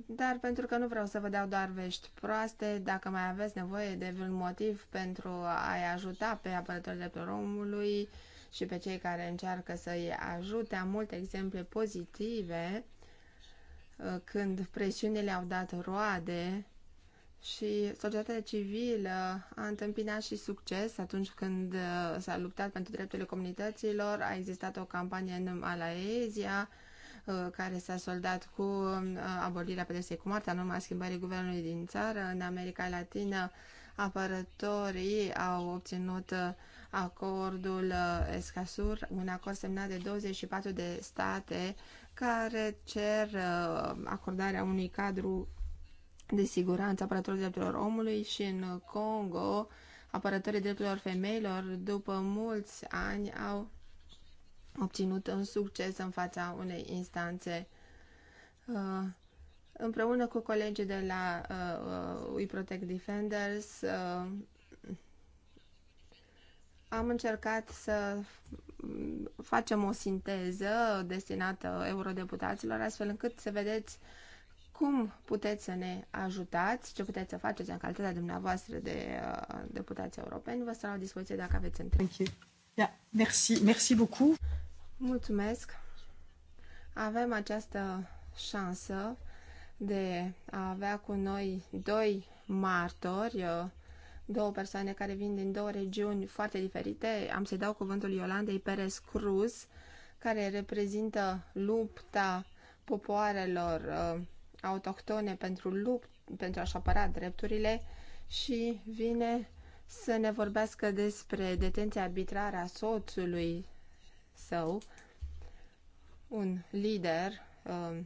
Dar pentru că nu vreau să vă dau doar vești proaste, dacă mai aveți nevoie de vreun motiv pentru a-i ajuta pe apărătorii drepturilor omului și pe cei care încearcă să-i ajute, am multe exemple pozitive uh, când presiunile au dat roade și societatea civilă a întâmpinat și succes atunci când uh, s-a luptat pentru drepturile comunităților. A existat o campanie în Malaezia uh, care s-a soldat cu uh, abolirea pedepsei cu moartea în urma schimbării guvernului din țară. În America Latină, apărătorii au obținut acordul Escasur, un acord semnat de 24 de state care cer acordarea unui cadru de siguranță apărătorii drepturilor omului și în Congo apărătorii drepturilor femeilor după mulți ani au obținut un succes în fața unei instanțe uh, împreună cu colegii de la uh, uh, We Protect Defenders am încercat să facem o sinteză destinată eurodeputaților astfel încât să vedeți uh, cum puteți să ne ajutați, ce puteți să faceți în calitatea dumneavoastră de uh, deputați europeni. Vă stau la dispoziție dacă aveți întrebări. Okay. Yeah. Da, merci. Merci beaucoup. Mulțumesc. Avem această șansă de a avea cu noi doi martori, uh, două persoane care vin din două regiuni foarte diferite. Am să-i dau cuvântul Iolandei Perez Cruz, care reprezintă lupta popoarelor uh, autohtone pentru lupt, pentru a-și apăra drepturile și vine să ne vorbească despre detenția arbitrară a soțului său, un lider uh,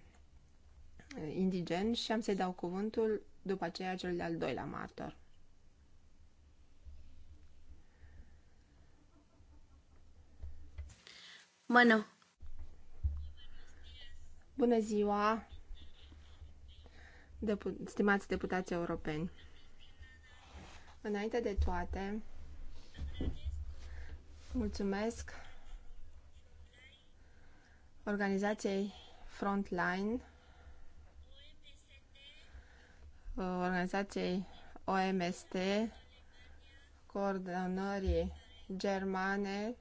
indigen și am să-i dau cuvântul după aceea cel de-al doilea martor. Mano. Bună ziua! depu stimați deputați europeni. Înainte de toate, mulțumesc organizației Frontline, organizației OMST, coordonării germane,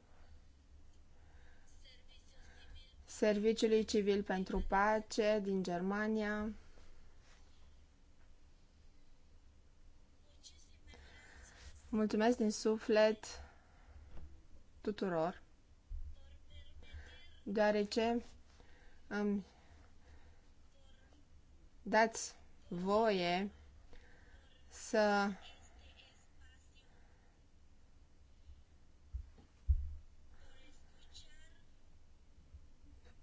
Serviciului Civil pentru Pace din Germania, Mulțumesc din suflet tuturor, deoarece îmi dați voie să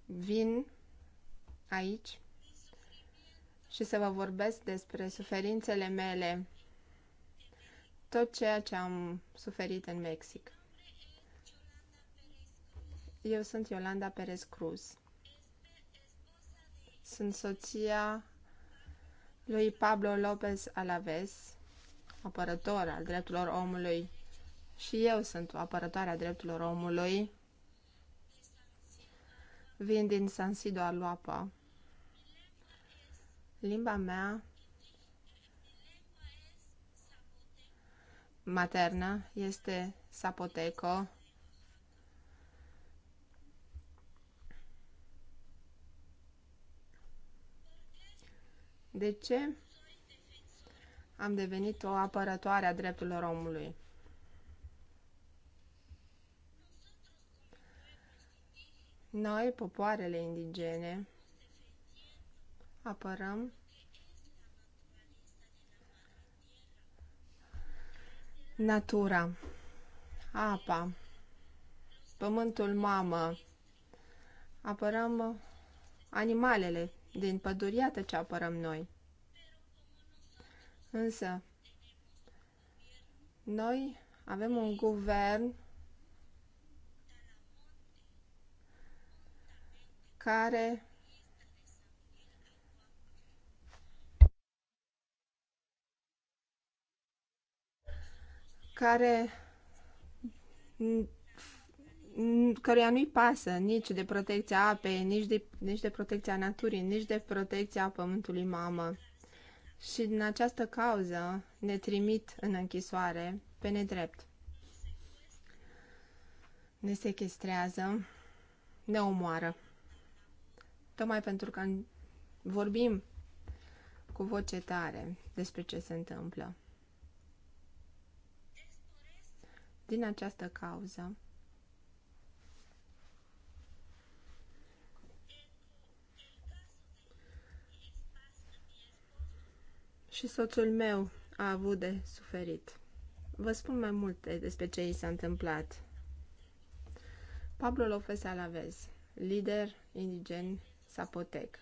vin aici și să vă vorbesc despre suferințele mele tot ceea ce am suferit în Mexic. Eu sunt Iolanda Perez Cruz. Sunt soția lui Pablo López Alaves, apărător al drepturilor omului, și eu sunt o apărătoare a drepturilor omului. Vin din San Sido Aluapa. Limba mea maternă este Sapoteco. De ce am devenit o apărătoare a drepturilor omului? Noi, popoarele indigene, apărăm Natura, apa, pământul mamă, apărăm animalele din păduri, iată ce apărăm noi. Însă, noi avem un guvern care care căruia nu-i pasă nici de protecția apei, nici de, nici de protecția naturii, nici de protecția pământului mamă. Și din această cauză ne trimit în închisoare pe nedrept. Ne sequestrează, ne omoară. Tocmai pentru că vorbim cu voce tare despre ce se întâmplă. din această cauză. Și soțul meu a avut de suferit. Vă spun mai multe despre ce i s-a întâmplat. Pablo López Alavez, lider indigen zapotec.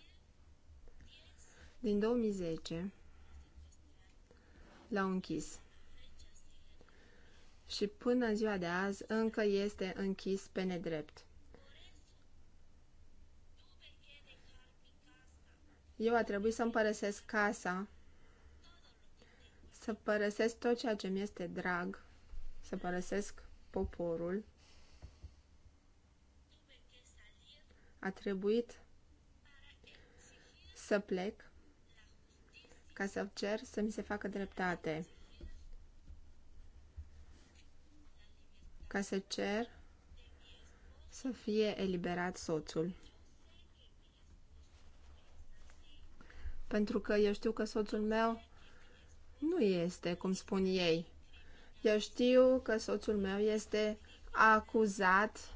Din 2010 l-au închis și până în ziua de azi încă este închis pe nedrept. Eu a trebuit să-mi părăsesc casa, să părăsesc tot ceea ce mi este drag, să părăsesc poporul. A trebuit să plec ca să cer să mi se facă dreptate. ca să cer să fie eliberat soțul. Pentru că eu știu că soțul meu nu este, cum spun ei. Eu știu că soțul meu este acuzat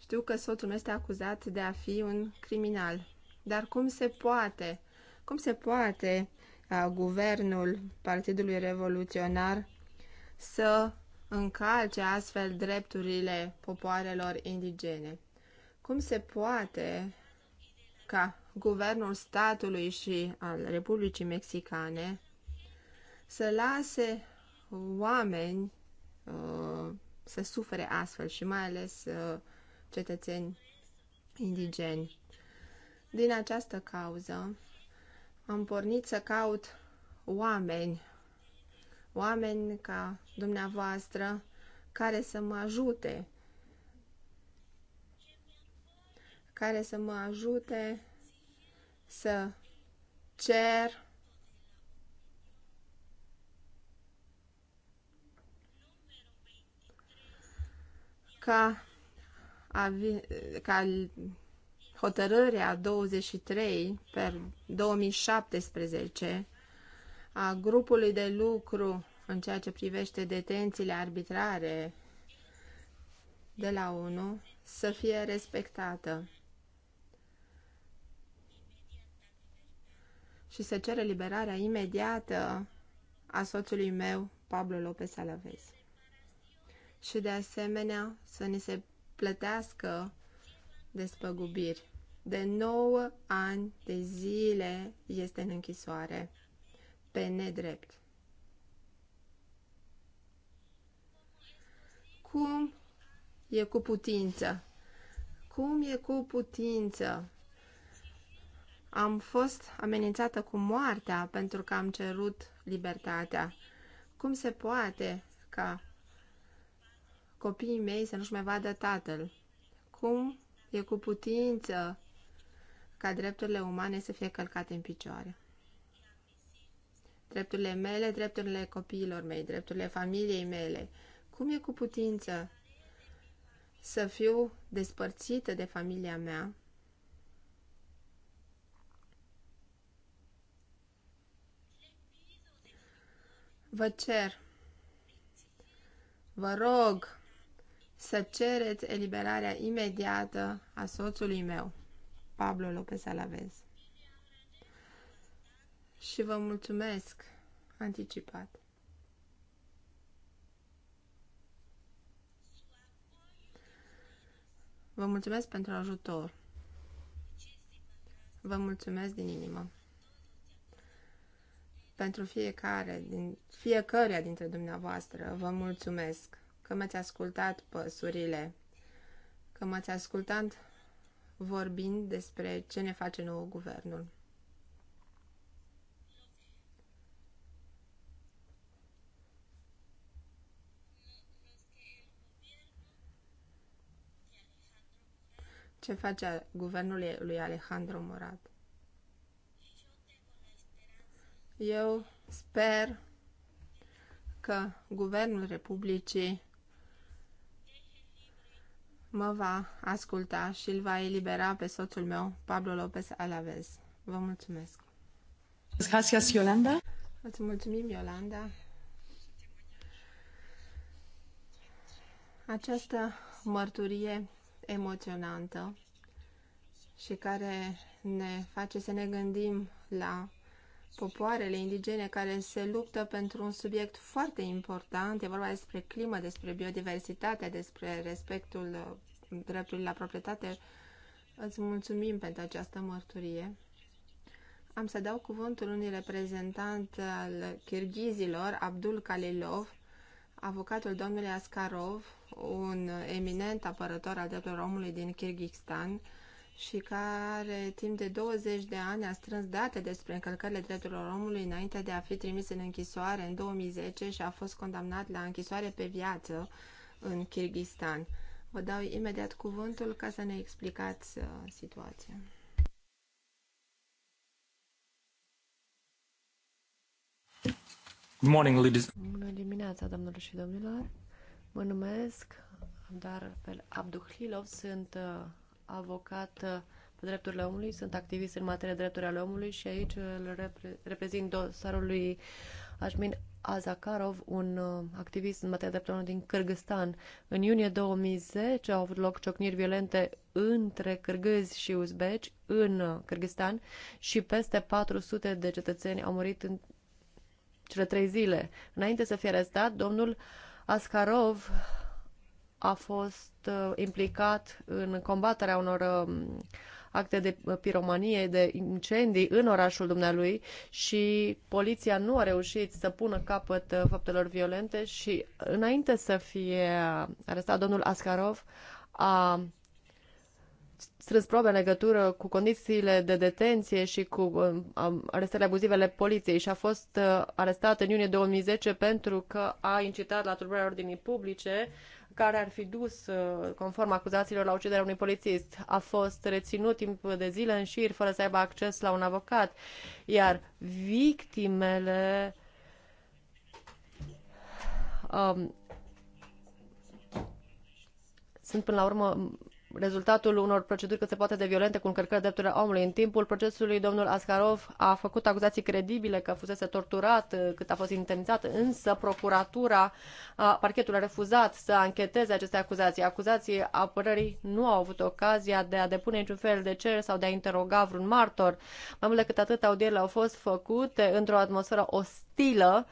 Știu că soțul meu este acuzat de a fi un criminal. Dar cum se poate? Cum se poate a guvernul Partidului Revoluționar să încalce astfel drepturile popoarelor indigene. Cum se poate ca guvernul statului și al Republicii Mexicane să lase oameni uh, să sufere astfel și mai ales uh, cetățeni indigeni. Din această cauză, am pornit să caut oameni, oameni ca dumneavoastră, care să mă ajute, care să mă ajute să cer ca, ca hotărârea 23 per 2017 a grupului de lucru în ceea ce privește detențiile arbitrare de la 1 să fie respectată și să cere liberarea imediată a soțului meu, Pablo Lopez Alaves. Și de asemenea să ni se plătească despăgubiri. De 9 ani de zile este în închisoare, pe nedrept. Cum e cu putință? Cum e cu putință? Am fost amenințată cu moartea pentru că am cerut libertatea. Cum se poate ca copiii mei să nu-și mai vadă tatăl? Cum e cu putință ca drepturile umane să fie călcate în picioare. Drepturile mele, drepturile copiilor mei, drepturile familiei mele. Cum e cu putință să fiu despărțită de familia mea? Vă cer, vă rog, să cereți eliberarea imediată a soțului meu, Pablo Lopez Alavez. Și vă mulțumesc anticipat. Vă mulțumesc pentru ajutor. Vă mulțumesc din inimă. Pentru fiecare, din fiecare dintre dumneavoastră, vă mulțumesc că m-ați ascultat păsurile, că m-ați ascultat vorbind despre ce ne face nouă guvernul. Ce face guvernul lui Alejandro Morat? Eu sper că Guvernul Republicii mă va asculta și îl va elibera pe soțul meu, Pablo López Alaves. Vă mulțumesc! Gracias, Yolanda. Îți mulțumim, Yolanda. Această mărturie emoționantă și care ne face să ne gândim la popoarele indigene care se luptă pentru un subiect foarte important. E vorba despre climă, despre biodiversitate, despre respectul uh, dreptului la proprietate. Îți mulțumim pentru această mărturie. Am să dau cuvântul unui reprezentant al kirghizilor, Abdul Kalilov, avocatul domnului Askarov, un eminent apărător al drepturilor omului din Kirghizistan și care timp de 20 de ani a strâns date despre încălcările drepturilor omului înainte de a fi trimis în închisoare în 2010 și a fost condamnat la închisoare pe viață în Kirghistan. Vă dau imediat cuvântul ca să ne explicați uh, situația. Good morning, ladies. Bună dimineața, domnilor și domnilor. Mă numesc Abdar Abduhilov, sunt uh, avocat pe drepturile omului, sunt activist în materie de drepturi ale omului și aici îl repre- reprezint dosarul lui Ajmin Azakarov, un uh, activist în materie de drepturi omului din Kyrgyzstan. În iunie 2010 au avut loc ciocniri violente între cârgâzi și uzbeci în uh, Kyrgyzstan și peste 400 de cetățeni au murit în cele trei zile. Înainte să fie arestat, domnul Askarov a fost uh, implicat în combaterea unor um, acte de uh, piromanie, de incendii în orașul dumnealui și poliția nu a reușit să pună capăt uh, faptelor violente și înainte să fie arestat domnul Ascarov a strâns probe în legătură cu condițiile de detenție și cu uh, abuzive ale poliției și a fost arestat în iunie 2010 pentru că a incitat la tulburarea ordinii publice care ar fi dus, uh, conform acuzațiilor, la uciderea unui polițist. A fost reținut timp de zile în șir fără să aibă acces la un avocat, iar victimele um, sunt până la urmă rezultatul unor proceduri cât se poate de violente cu încălcări drepturile omului. În timpul procesului, domnul Askarov a făcut acuzații credibile că fusese torturat uh, cât a fost intenționat, însă procuratura, parchetul a refuzat să ancheteze aceste acuzații. Acuzații apărării nu au avut ocazia de a depune niciun fel de cer sau de a interoga vreun martor. Mai mult decât atât, audierile au fost făcute într-o atmosferă ostilă,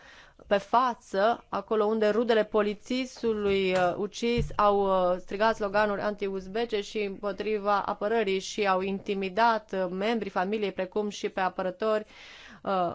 pe față, acolo unde rudele polițistului uh, ucis au uh, strigat sloganuri anti-uzbece și împotriva apărării și au intimidat uh, membrii familiei, precum și pe apărători, uh,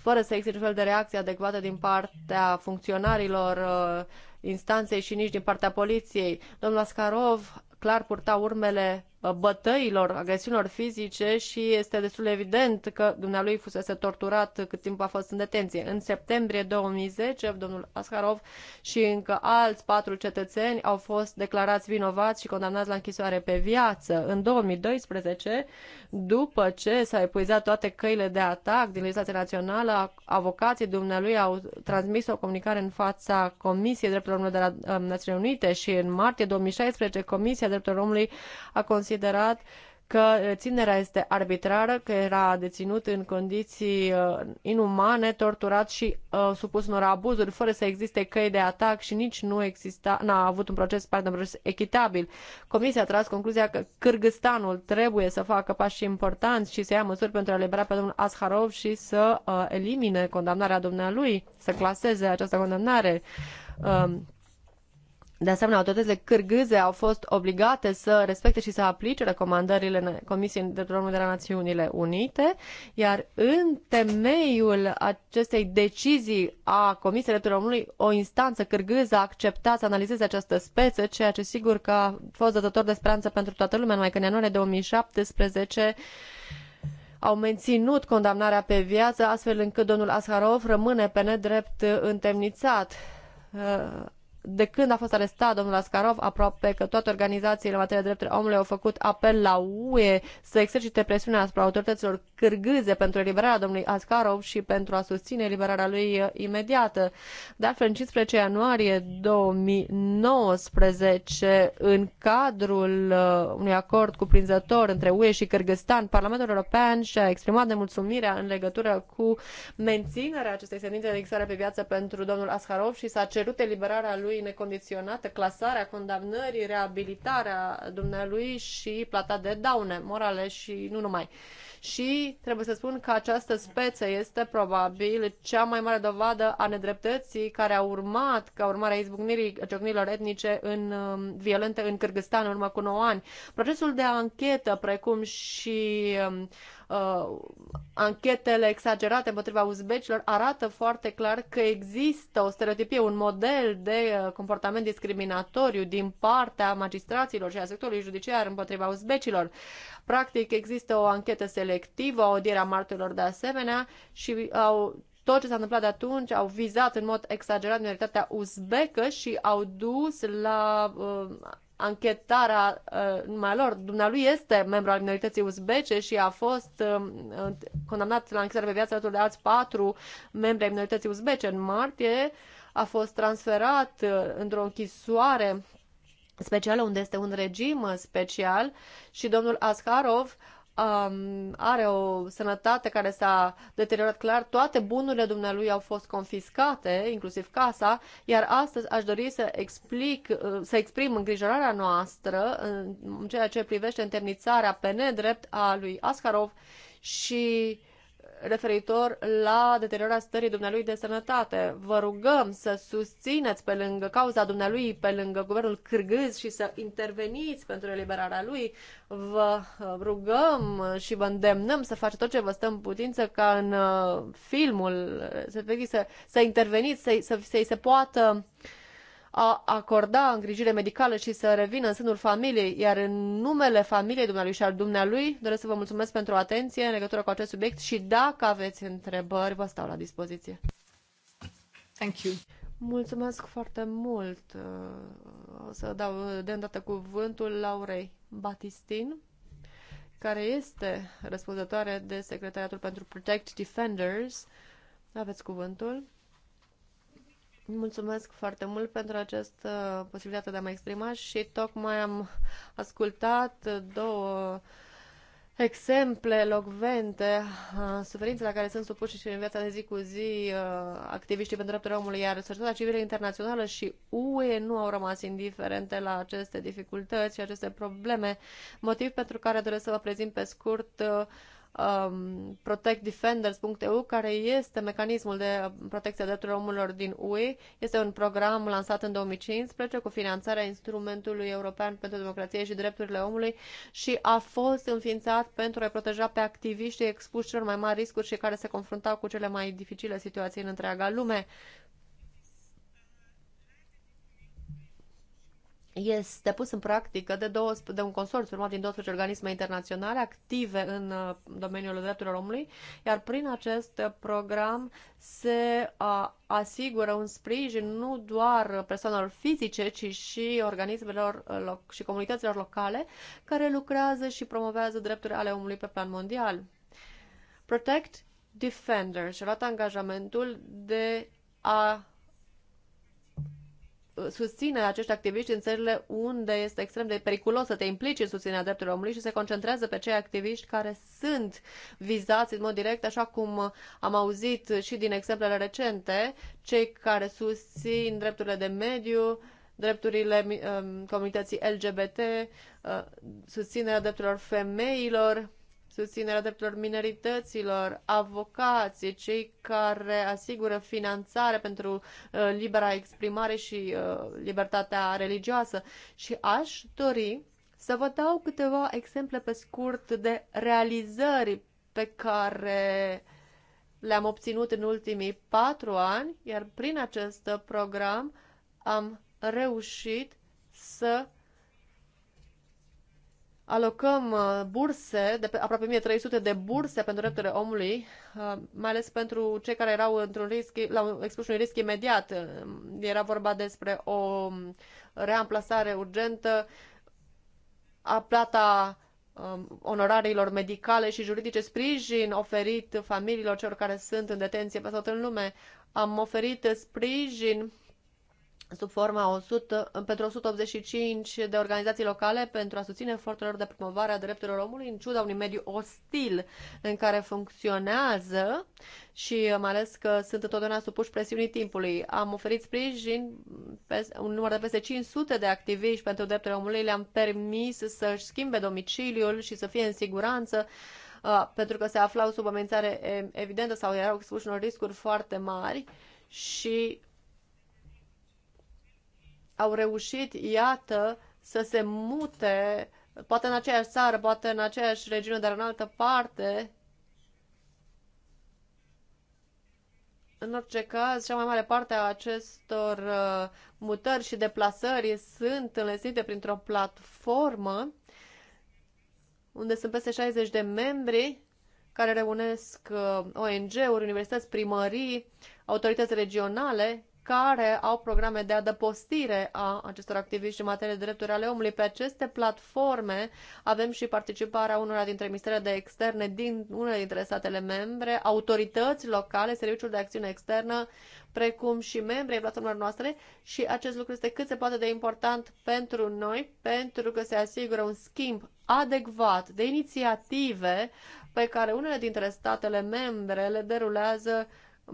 fără să existe fel de reacție adecvată din partea funcționarilor uh, instanței și nici din partea poliției. Domnul Ascarov clar purta urmele bătăilor, agresiunilor fizice și este destul de evident că dumnealui fusese torturat cât timp a fost în detenție. În septembrie 2010, domnul Askarov și încă alți patru cetățeni au fost declarați vinovați și condamnați la închisoare pe viață. În 2012, după ce s-a epuizat toate căile de atac din legislația națională, avocații dumnealui au transmis o comunicare în fața Comisiei Drepturilor Omului de la um, Națiunile Unite și în martie 2016 Comisia Drepturilor Omului a considerat considerat că uh, ținerea este arbitrară, că era deținut în condiții uh, inumane, torturat și uh, supus unor abuzuri, fără să existe căi de atac și nici nu exista, n-a avut un proces, pardon, proces echitabil. Comisia a tras concluzia că Cârgâstanul trebuie să facă pași importanți și să ia măsuri pentru a elibera pe domnul Asharov și să uh, elimine condamnarea dumnealui, să claseze această condamnare. Uh, de asemenea, autoritățile cârgâze au fost obligate să respecte și să aplice recomandările Comisiei de Drumul de la Națiunile Unite, iar în temeiul acestei decizii a Comisiei Drepturilor Omului, o instanță cârgâză a acceptat să analizeze această speță, ceea ce sigur că a fost dătător de speranță pentru toată lumea, numai că în ianuarie 2017 au menținut condamnarea pe viață, astfel încât domnul Asharov rămâne pe nedrept întemnițat uh, de când a fost arestat domnul Ascarov, aproape că toate organizațiile în materie de drepturi omului au făcut apel la UE să exercite presiunea asupra autorităților cârgâze pentru eliberarea domnului Ascarov și pentru a susține eliberarea lui uh, imediată. De altfel, în 15 ianuarie 2019, în cadrul uh, unui acord cuprinzător între UE și Cârgăstan, Parlamentul European și-a exprimat nemulțumirea în legătură cu menținerea acestei sentințe de fixare pe viață pentru domnul Ascarov și s-a cerut eliberarea lui lui necondiționată, clasarea, condamnării, reabilitarea dumnealui și plata de daune morale și nu numai. Și trebuie să spun că această speță este probabil cea mai mare dovadă a nedreptății care a urmat ca urmare a izbucnirii ciocnilor etnice în, um, violente în Kyrgyzstan în urmă cu 9 ani. Procesul de anchetă, precum și um, uh, anchetele exagerate împotriva uzbecilor arată foarte clar că există o stereotipie, un model de uh, comportament discriminatoriu din partea magistraților și a sectorului judiciar împotriva uzbecilor. Practic există o anchetă selectivă, o a martorilor de asemenea și au tot ce s-a întâmplat de atunci au vizat în mod exagerat minoritatea uzbecă și au dus la uh, anchetarea uh, lor. Dumnealui este membru al minorității uzbece și a fost uh, condamnat la închisoare pe viață alături de alți patru membri ai minorității uzbece. În martie a fost transferat uh, într-o închisoare specială unde este un regim uh, special și domnul Askarov um, are o sănătate care s-a deteriorat clar, toate bunurile dumnealui au fost confiscate, inclusiv casa, iar astăzi aș dori să explic, uh, să exprim îngrijorarea noastră în ceea ce privește internițarea pe nedrept a lui Ascarov și referitor la deteriorarea stării dumnealui de sănătate. Vă rugăm să susțineți pe lângă cauza dumnealui, pe lângă guvernul cârgâz și să interveniți pentru eliberarea lui. Vă uh, rugăm și vă îndemnăm să faceți tot ce vă stă în putință ca în uh, filmul să, să, să interveniți, să-i să, să se poată uh, a acorda îngrijire medicală și să revină în sânul familiei, iar în numele familiei dumnealui și al dumnealui doresc să vă mulțumesc pentru atenție în legătură cu acest subiect și dacă aveți întrebări, vă stau la dispoziție. Thank you. Mulțumesc foarte mult. O să dau de îndată cuvântul Laurei Batistin, care este răspunzătoare de Secretariatul pentru Protect Defenders. Aveți cuvântul. Mulțumesc foarte mult pentru această posibilitate de a mă exprima și tocmai am ascultat două exemple locvente a suferinței la care sunt supuși și în viața de zi cu zi uh, activiștii pentru drepturile omului, iar societatea civilă internațională și UE nu au rămas indiferente la aceste dificultăți și aceste probleme, motiv pentru care doresc să vă prezint pe scurt uh, um, protectdefenders.eu, care este mecanismul de protecție a drepturilor omului din UE. Este un program lansat în 2015 cu finanțarea instrumentului european pentru democrație și drepturile omului și a fost înființat pentru a proteja pe activiștii expuși celor mai mari riscuri și care se confruntau cu cele mai dificile situații în întreaga lume. este pus în practică de, 12, de un consorțiu urmat din 12 organisme internaționale active în uh, domeniul drepturilor omului, iar prin acest program se uh, asigură un sprijin nu doar persoanelor fizice, ci și organismelor uh, și comunităților locale care lucrează și promovează drepturile ale omului pe plan mondial. Protect Defender și-a luat angajamentul de a susține acești activiști în țările unde este extrem de periculos să te implici în susținerea drepturilor omului și se concentrează pe cei activiști care sunt vizați în mod direct, așa cum am auzit și din exemplele recente, cei care susțin drepturile de mediu, drepturile um, comunității LGBT, uh, susținerea drepturilor femeilor, susținerea drepturilor minorităților, avocații, cei care asigură finanțare pentru uh, libera exprimare și uh, libertatea religioasă. Și aș dori să vă dau câteva exemple pe scurt de realizări pe care le-am obținut în ultimii patru ani, iar prin acest program am reușit să alocăm uh, burse, de pe, aproape 1300 de burse pentru drepturile omului, uh, mai ales pentru cei care erau într-un risc, la expus un risc imediat. Uh, era vorba despre o um, reamplasare urgentă a plata um, onorariilor medicale și juridice, sprijin oferit familiilor celor care sunt în detenție peste tot în lume. Am oferit sprijin sub forma 100, pentru 185 de organizații locale pentru a susține eforturile de promovare a drepturilor omului în ciuda unui mediu ostil în care funcționează și mai ales că sunt întotdeauna supuși presiunii timpului. Am oferit sprijin pe un număr de peste 500 de activiști pentru drepturile omului, le-am permis să-și schimbe domiciliul și să fie în siguranță uh, pentru că se aflau sub amenințare evidentă sau erau expuși unor riscuri foarte mari și au reușit, iată, să se mute, poate în aceeași țară, poate în aceeași regiune, dar în altă parte. În orice caz, cea mai mare parte a acestor uh, mutări și deplasări sunt înlesite printr-o platformă unde sunt peste 60 de membri care reunesc uh, ONG-uri, universități, primării, autorități regionale care au programe de adăpostire a acestor activiști în materie de drepturi ale omului. Pe aceste platforme avem și participarea unora dintre ministerele de externe din unele dintre statele membre, autorități locale, Serviciul de Acțiune Externă, precum și membrii platformelor noastre și acest lucru este cât se poate de important pentru noi, pentru că se asigură un schimb adecvat de inițiative pe care unele dintre statele membre le derulează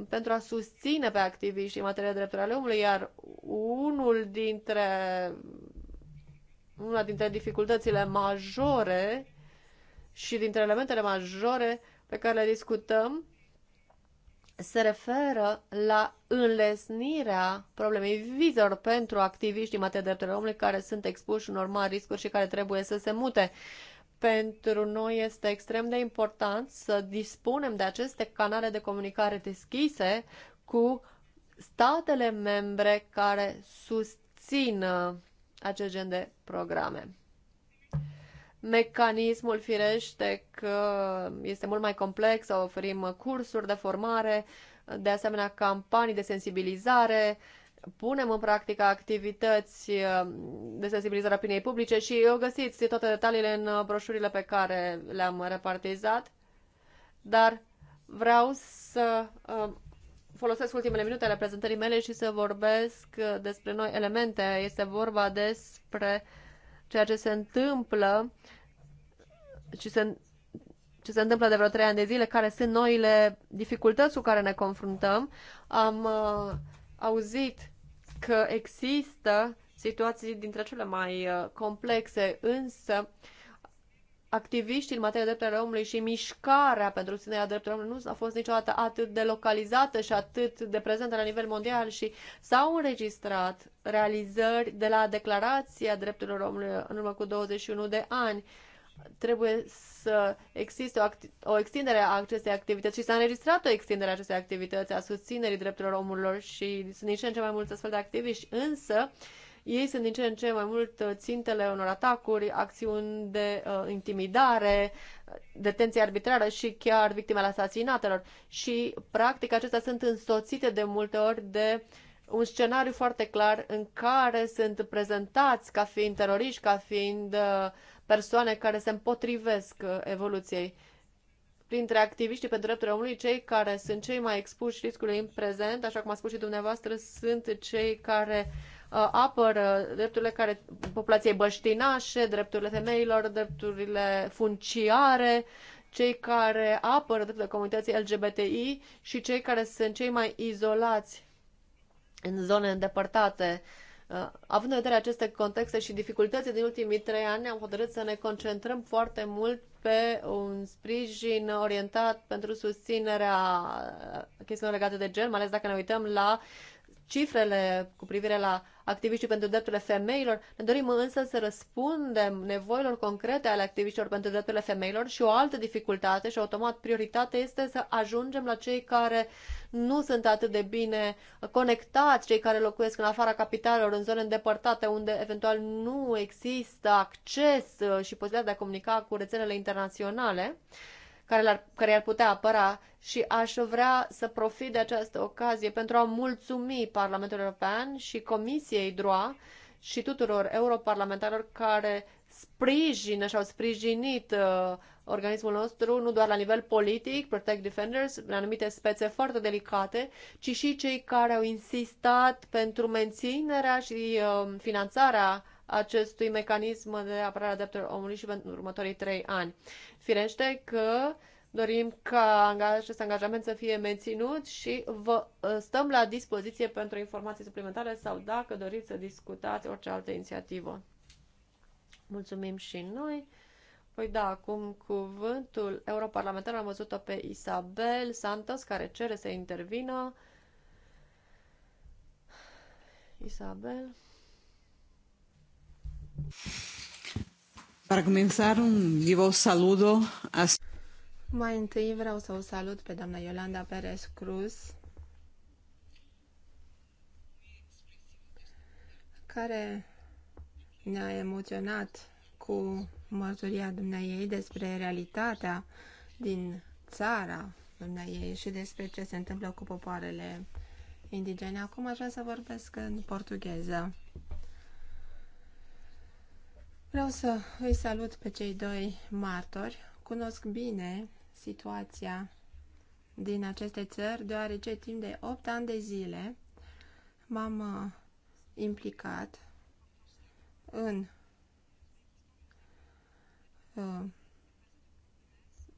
pentru a susține pe activiștii în materie de drepturi ale omului, iar unul dintre, una dintre dificultățile majore și dintre elementele majore pe care le discutăm se referă la înlesnirea problemei vizor pentru activiștii în materie de ale omului care sunt expuși unor mari riscuri și care trebuie să se mute pentru noi este extrem de important să dispunem de aceste canale de comunicare deschise cu statele membre care susțin uh, acest gen de programe. Mecanismul firește că este mult mai complex, oferim cursuri de formare, de asemenea campanii de sensibilizare, punem în practică activități uh, de sensibilizare a opiniei publice și găsiți toate detaliile în uh, broșurile pe care le-am repartizat, dar vreau să uh, folosesc ultimele minute ale prezentării mele și să vorbesc despre noi elemente. Este vorba despre ceea ce se întâmplă și se, ce se întâmplă de vreo trei ani de zile, care sunt noile dificultăți cu care ne confruntăm. Am uh, auzit că există situații dintre cele mai uh, complexe, însă activiștii în materie de drepturile omului și mișcarea pentru ținerea drepturilor omului nu a fost niciodată atât de localizată și atât de prezentă la nivel mondial și s-au înregistrat realizări de la Declarația Drepturilor Omului în urmă cu 21 de ani trebuie să existe o, o extindere a acestei activități și s-a înregistrat o extindere a acestei activități a susținerii drepturilor omului și sunt din ce în ce mai mulți astfel de activiști, însă ei sunt din ce în ce mai mult uh, țintele unor atacuri, acțiuni de uh, intimidare, detenție arbitrară și chiar victimele asasinatelor. Și, practic, acestea sunt însoțite de multe ori de un scenariu foarte clar în care sunt prezentați ca fiind teroriști, ca fiind uh, persoane care se împotrivesc uh, evoluției. Printre activiștii pentru drepturile omului, cei care sunt cei mai expuși riscului în prezent, așa cum a spus și dumneavoastră, sunt cei care uh, apără drepturile care, populației băștinașe, drepturile femeilor, drepturile funciare, cei care apără drepturile comunității LGBTI și cei care sunt cei mai izolați în zone îndepărtate Uh, având în vedere aceste contexte și dificultăți din ultimii trei ani, am hotărât să ne concentrăm foarte mult pe un sprijin orientat pentru susținerea chestiilor legate de gen, mai ales dacă ne uităm la cifrele cu privire la activiștii pentru drepturile femeilor. Ne dorim însă să răspundem nevoilor concrete ale activiștilor pentru drepturile femeilor și o altă dificultate și automat prioritate este să ajungem la cei care nu sunt atât de bine conectați, cei care locuiesc în afara capitalelor, în zone îndepărtate unde eventual nu există acces uh, și posibilitatea de a comunica cu rețelele internaționale care, ar care i-ar putea apăra și aș vrea să profit de această ocazie pentru a mulțumi Parlamentul European și Comisiei DROA și tuturor europarlamentarilor care sprijină și au sprijinit uh, organismul nostru, nu doar la nivel politic, Protect Defenders, în anumite spețe foarte delicate, ci și cei care au insistat pentru menținerea și uh, finanțarea acestui mecanism de apărare a drepturilor omului și pentru următorii trei ani. Firește că dorim ca acest angajament să fie menținut și vă ă, stăm la dispoziție pentru informații suplimentare sau dacă doriți să discutați orice altă inițiativă. Mulțumim și noi. Voi da acum cuvântul europarlamentar. Am văzut-o pe Isabel Santos, care cere să intervină. Isabel. Para comenzar, un vivo saludo a... Mai întâi vreau să o salut pe doamna Iolanda Perez Cruz, care ne-a emoționat cu mărturia dumneai despre realitatea din țara dumneai și despre ce se întâmplă cu popoarele indigene. Acum aș vrea să vorbesc în portugheză. Vreau să îi salut pe cei doi martori. Cunosc bine situația din aceste țări, deoarece timp de 8 ani de zile m-am uh, implicat în uh,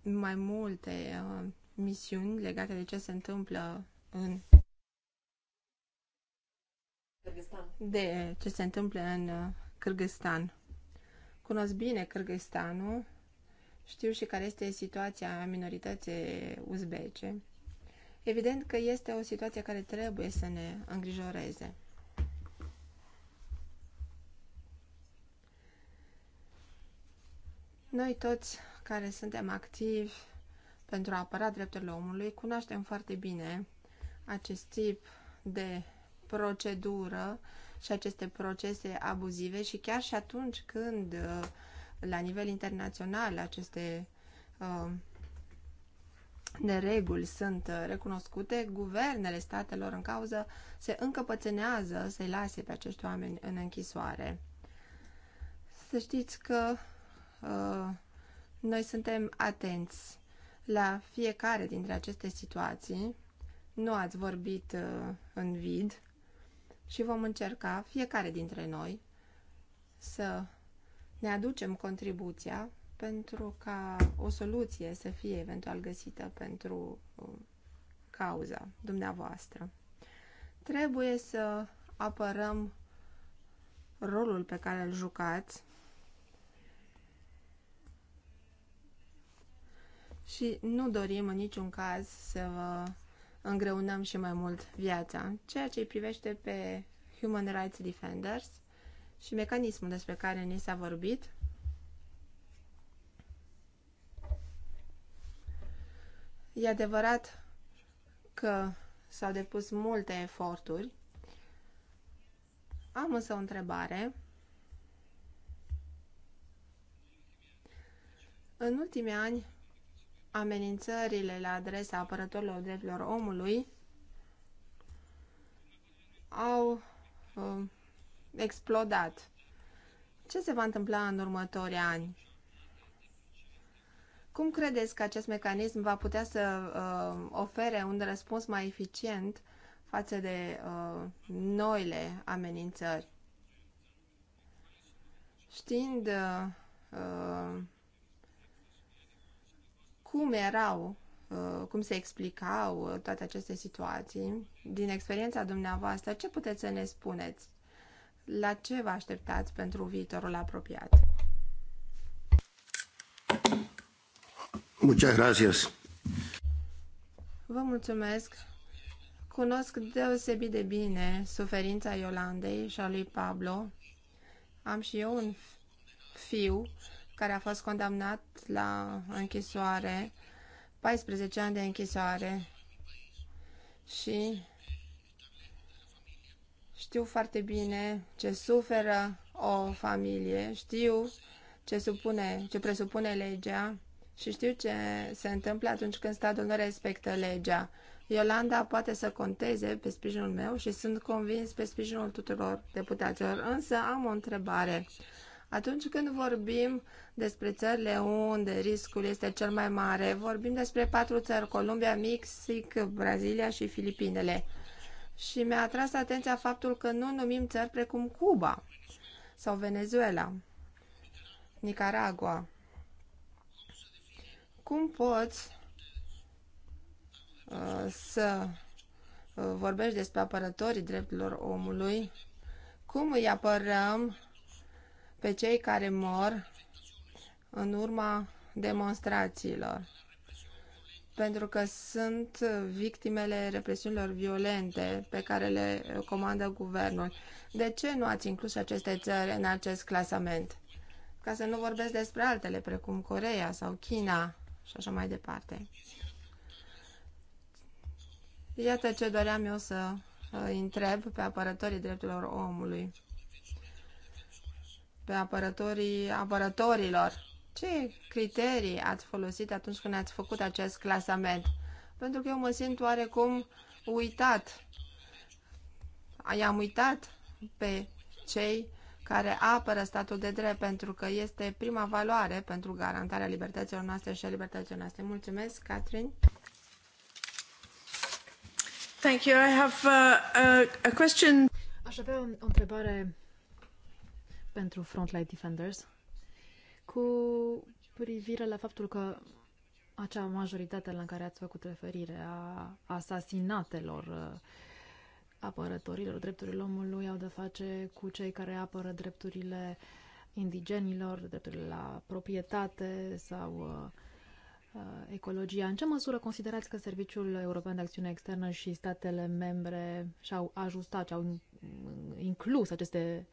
mai multe uh, misiuni legate de ce se întâmplă în de ce se întâmplă în Kyrgyzstan. Cunosc bine Kyrgyzstanul, știu și care este situația minorității uzbece. Evident că este o situație care trebuie să ne îngrijoreze. Noi toți care suntem activi pentru a apăra drepturile omului cunoaștem foarte bine acest tip de procedură și aceste procese abuzive și chiar și atunci când uh, la nivel internațional aceste uh, nereguli sunt uh, recunoscute, guvernele statelor în cauză se încăpățânează să-i lase pe acești oameni în închisoare. Să știți că uh, noi suntem atenți la fiecare dintre aceste situații. Nu ați vorbit uh, în vid și vom încerca, fiecare dintre noi, să ne aducem contribuția pentru ca o soluție să fie eventual găsită pentru um, cauza dumneavoastră. Trebuie să apărăm rolul pe care îl jucați și nu dorim în niciun caz să vă îngreunăm și mai mult viața. Ceea ce îi privește pe Human Rights Defenders și mecanismul despre care ni s-a vorbit, E adevărat că s-au depus multe eforturi. Am însă o întrebare. În ultimii ani amenințările la adresa apărătorilor drepturilor omului au uh, explodat. Ce se va întâmpla în următorii ani? Cum credeți că acest mecanism va putea să uh, ofere un răspuns mai eficient față de uh, noile amenințări? Știind uh, cum erau, uh, cum se explicau uh, toate aceste situații. Din experiența dumneavoastră, ce puteți să ne spuneți? La ce vă așteptați pentru viitorul apropiat? Muchas gracias. Vă mulțumesc. Cunosc deosebit de bine suferința Iolandei și a lui Pablo. Am și eu un fiu care a fost condamnat la închisoare, 14 ani de închisoare și știu foarte bine ce suferă o familie, știu ce, supune, ce presupune legea și știu ce se întâmplă atunci când statul nu respectă legea. Iolanda poate să conteze pe sprijinul meu și sunt convins pe sprijinul tuturor deputaților, însă am o întrebare. Atunci când vorbim despre țările unde riscul este cel mai mare, vorbim despre patru țări, Columbia, Mexic, Brazilia și Filipinele. Și mi-a atras atenția faptul că nu numim țări precum Cuba sau Venezuela, Nicaragua. Cum poți uh, să uh, vorbești despre apărătorii drepturilor omului? Cum îi apărăm pe cei care mor în urma demonstrațiilor, pentru că sunt victimele represiunilor violente pe care le comandă guvernul. De ce nu ați inclus aceste țări în acest clasament? Ca să nu vorbesc despre altele, precum Coreea sau China și așa mai departe. Iată ce doream eu să uh, întreb pe apărătorii drepturilor omului pe apărătorii apărătorilor. Ce criterii ați folosit atunci când ați făcut acest clasament? Pentru că eu mă simt oarecum uitat. I-am uitat pe cei care apără statul de drept pentru că este prima valoare pentru garantarea libertăților noastre și a libertăților noastre. Mulțumesc, Catherine. Thank you. I have a, uh, a, a question. Aș avea o întrebare pentru Frontline Defenders cu privire la faptul că acea majoritate la care ați făcut referire a asasinatelor uh, apărătorilor drepturilor omului au de face cu cei care apără drepturile indigenilor, drepturile la proprietate sau uh, uh, ecologia. În ce măsură considerați că Serviciul European de Acțiune Externă și statele membre și-au ajustat, și-au inclus aceste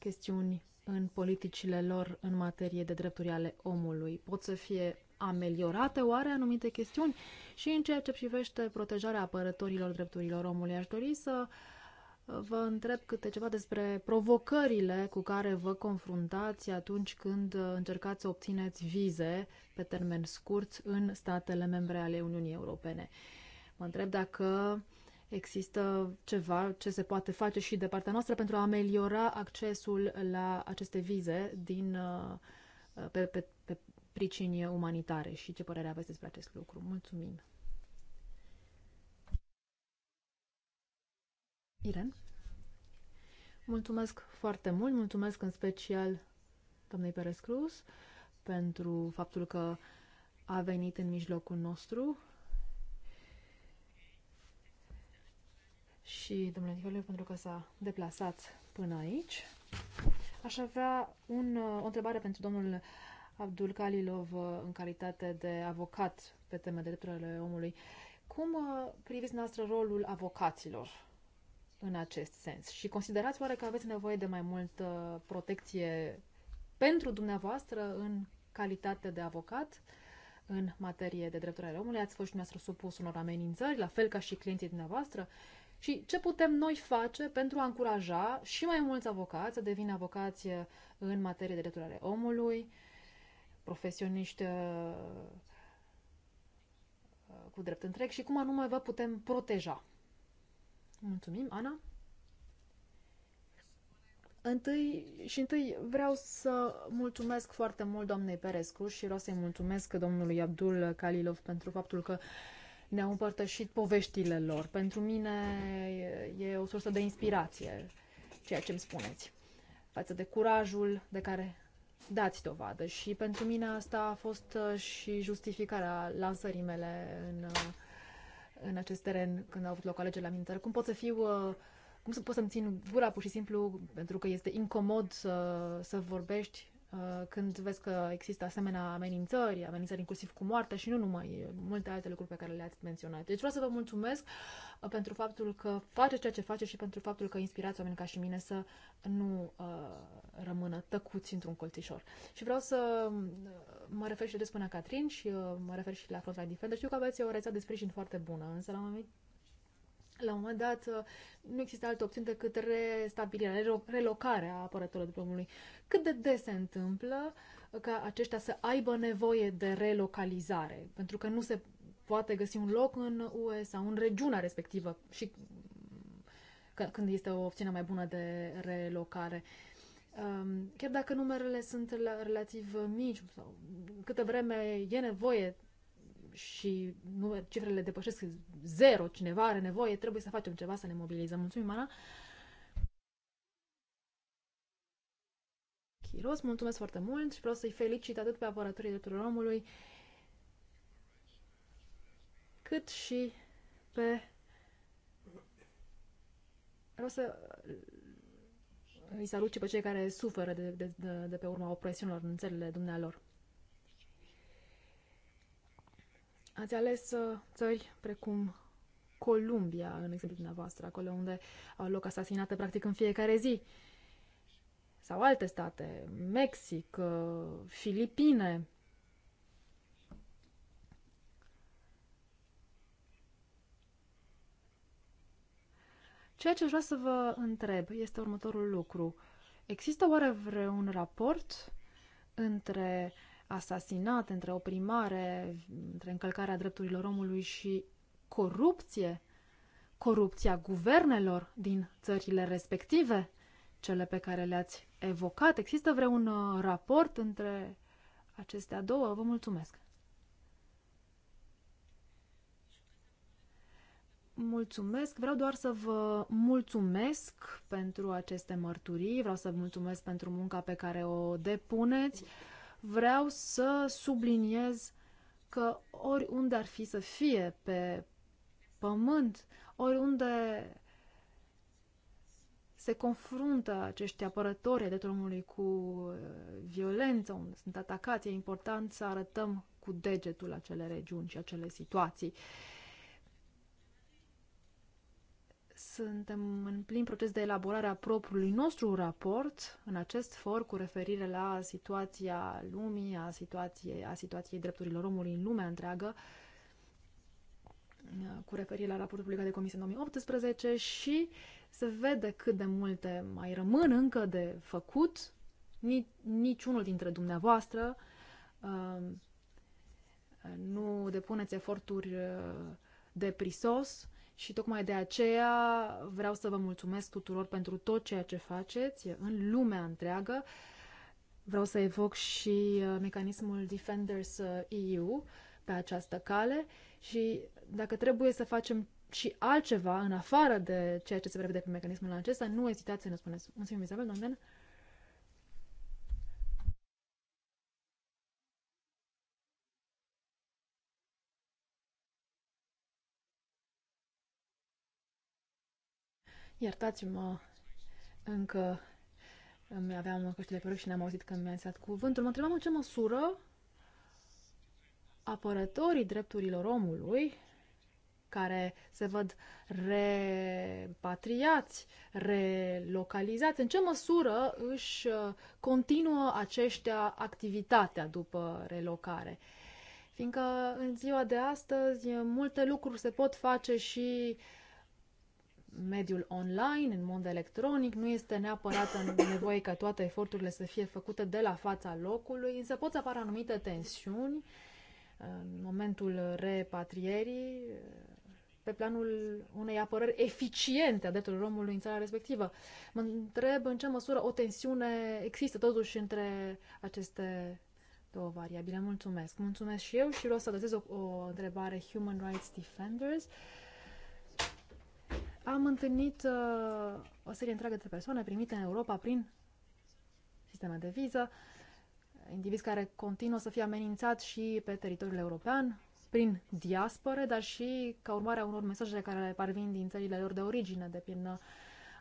chestiuni în politicile lor în materie de drepturi ale omului? Pot să fie ameliorate oare anumite chestiuni? Și în ceea ce privește protejarea apărătorilor drepturilor omului, aș dori să uh, vă întreb câte ceva despre provocările cu care vă confruntați atunci când uh, încercați să obțineți vize pe termen scurt în statele membre ale Uniunii Europene. Mă întreb dacă uh, există ceva ce se poate face și de partea noastră pentru a ameliora accesul la aceste vize din, uh, pe, pe, pe pricini umanitare și ce părere aveți despre acest lucru. Mulțumim! Iren? Mulțumesc foarte mult, mulțumesc în special doamnei Perez Cruz pentru faptul că a venit în mijlocul nostru și domnule Nicolae pentru că s-a deplasat până aici. Aș avea un, o întrebare pentru domnul Abdul Kalilov în calitate de avocat pe teme de drepturile omului. Cum uh, priviți noastră rolul avocaților în acest sens? Și considerați oare că aveți nevoie de mai multă protecție pentru dumneavoastră în calitate de avocat în materie de drepturile omului? Ați fost dumneavoastră supus unor amenințări, la fel ca și clienții dumneavoastră? Și ce putem noi face pentru a încuraja și mai mulți avocați să devină avocați uh, în materie de drepturi ale omului, profesioniști uh, uh, cu drept întreg și cum anume vă putem proteja. Mulțumim, Ana. Întâi și întâi vreau să mulțumesc foarte mult doamnei Perez Cruz și vreau să-i mulțumesc domnului Abdul Kalilov pentru faptul că uh, ne-au împărtășit poveștile lor. Pentru mine e o sursă de inspirație ceea ce îmi spuneți față de curajul de care dați dovadă și pentru mine asta a fost uh, și justificarea lansării mele în, uh, în acest teren când au avut loc alegerile la minte. Cum pot să fiu uh, cum să pot să-mi țin gura pur și simplu pentru că este incomod să, să vorbești Uh, când vezi că există asemenea amenințări, amenințări inclusiv cu moartea și nu numai, multe alte lucruri pe care le-ați menționat. Deci vreau să vă mulțumesc uh, pentru faptul că faceți ceea ce faceți și pentru faptul că inspirați oameni ca și mine să nu uh, rămână tăcuți într-un colțișor. Și vreau să uh, mă refer și de spunea Catrin și uh, mă refer și la Frontline Defender. Știu că aveți o rețea de sprijin foarte bună, însă la un moment la un moment dat uh, nu există altă opțiune decât restabilirea, relocarea apărătorilor diplomului. Cât de des se întâmplă uh, ca aceștia să aibă nevoie de relocalizare? Pentru că nu se poate găsi un loc în UE sau în regiunea respectivă și mm, când este o opțiune mai bună de relocare. Um, chiar dacă numerele sunt relativ mici sau câtă vreme e nevoie și nu, cifrele depășesc zero, cineva are nevoie, trebuie să facem ceva, să ne mobilizăm. Mulțumim, Mana. Chiros, mulțumesc foarte mult și vreau să-i felicit atât pe apărătorii drepturilor omului, cât și pe... Vreau să îi salut și pe cei care suferă de, de, de, de pe urma opresiunilor în țările dumnealor. Ați ales uh, țări precum Columbia, în exemplu dumneavoastră, acolo unde au loc asasinate practic în fiecare zi. Sau alte state, Mexic, uh, Filipine. Ceea ce vrea să vă întreb este următorul lucru. Există oare vreun raport între asasinat între oprimare, între încălcarea drepturilor omului și corupție, corupția guvernelor din țările respective, cele pe care le-ați evocat. Există vreun uh, raport între acestea două? Vă mulțumesc! Mulțumesc, vreau doar să vă mulțumesc pentru aceste mărturii, vreau să vă mulțumesc pentru munca pe care o depuneți vreau să subliniez că oriunde ar fi să fie pe pământ, oriunde se confruntă acești apărători de tronului cu uh, violență, unde sunt atacați, e important să arătăm cu degetul acele regiuni și acele situații. Uh, Suntem în plin proces de elaborare a propriului nostru raport în acest for cu referire la situația lumii, a situației, a situației drepturilor omului în lumea întreagă, cu referire la raportul publicat de Comisia în 2018 și se vede cât de multe mai rămân încă de făcut. Nici, niciunul dintre dumneavoastră uh, nu depuneți eforturi uh, de prisos și tocmai de aceea vreau să vă mulțumesc tuturor pentru tot ceea ce faceți în lumea întreagă. Vreau să evoc și uh, mecanismul Defenders uh, EU pe această cale și dacă trebuie să facem și altceva în afară de ceea ce se prevede pe mecanismul acesta, nu ezitați să ne spuneți. Mulțumim, Isabel, doamne! Iertați-mă, încă îmi aveam căștile pe și n-am auzit când mi-a dat cuvântul. Mă întrebam în ce măsură apărătorii drepturilor omului, care se văd repatriați, relocalizați, în ce măsură își uh, continuă aceștia activitatea după relocare? Fiindcă în ziua de astăzi multe lucruri se pot face și uh, mediul online, în mod electronic, nu este neapărat nevoie ca toate eforturile să fie făcute de la fața locului, însă pot să apară anumite tensiuni în momentul repatrierii pe planul unei apărări eficiente a drepturilor omului în țara respectivă. Mă întreb în ce măsură o tensiune există totuși între aceste două variabile. Mulțumesc! Mulțumesc și eu și vreau să adresez o, o întrebare Human Rights Defenders. Uh, am întâlnit uh, o serie întreagă de persoane primite în Europa prin sisteme de viză, indivizi care continuă să fie amenințați și pe teritoriul european, prin diaspore, dar și ca urmare a unor mesaje care le parvin din țările lor de origine, de prin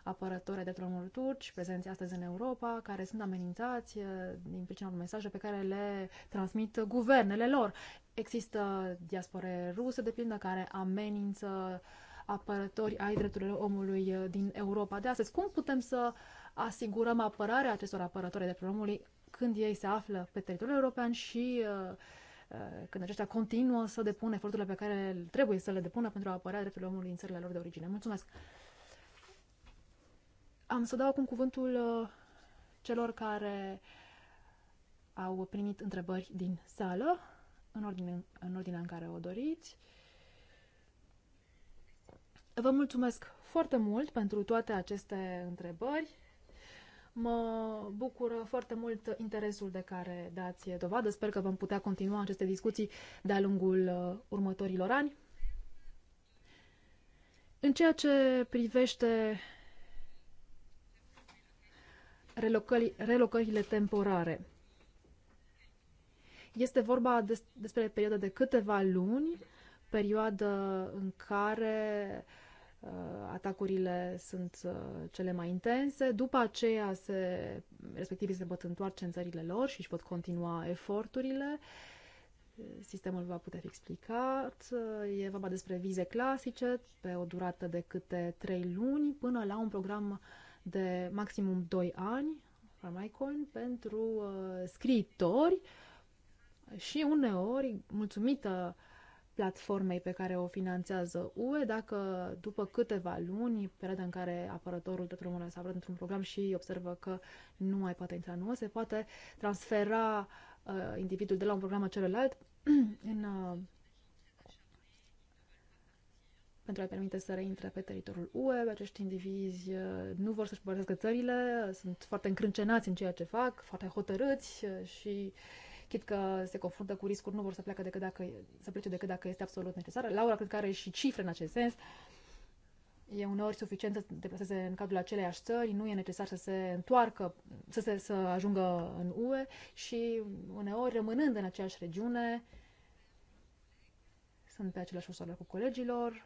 apărători de tronul turci, prezenți astăzi în Europa, care sunt amenințați uh, din pricina unor mesaje pe care le transmit guvernele lor. Există diaspore ruse, de pildă, care amenință uh, apărători ai drepturilor omului uh, din Europa de astăzi. Cum putem să asigurăm apărarea acestor apărători de drepturilor omului când ei se află pe teritoriul european și uh, uh, când aceștia continuă să depună eforturile pe care trebuie să le depună pentru a apărea drepturile omului în țările lor de origine. Mulțumesc! Am să dau acum cuvântul celor care au primit întrebări din sală, în ordine în, ordinea în care o doriți. Vă mulțumesc foarte mult pentru toate aceste întrebări. Mă bucură foarte mult interesul de care dați dovadă. Sper că vom putea continua aceste discuții de-a lungul uh, următorilor ani. În ceea ce privește relocări, relocările temporare, este vorba des, despre perioada de câteva luni, perioadă în care uh, Uh, atacurile sunt uh, cele mai intense. După aceea, se, respectivii se pot întoarce în țările lor și își pot continua eforturile. Sistemul va putea fi explicat. E vorba despre vize clasice pe o durată de câte 3 luni până la un program de maximum 2 ani, Farmicon, pentru uh, scriitori și uneori, mulțumită uh, platformei pe care o finanțează UE, dacă după câteva luni, perioada în care apărătorul de drumul s-a aflat într-un program și observă că nu mai poate intra în UE, se poate transfera uh, individul de la un program la celălalt (clears throat) în, uh, pentru a permite să reintre pe teritoriul UE. Acești indivizi uh, nu vor să-și părăsească țările, sunt foarte încrâncenați în ceea ce fac, foarte hotărâți uh, și uh, chit că se confruntă cu riscuri, nu vor să, pleacă decât dacă, să plece decât dacă este absolut necesar. Laura cred că are și cifre în acest sens. E uneori suficient să se deplaseze în cadrul aceleiași țări, nu e necesar să se întoarcă, să, se, să ajungă în UE și uneori rămânând în aceeași regiune, sunt pe același ușor cu colegilor,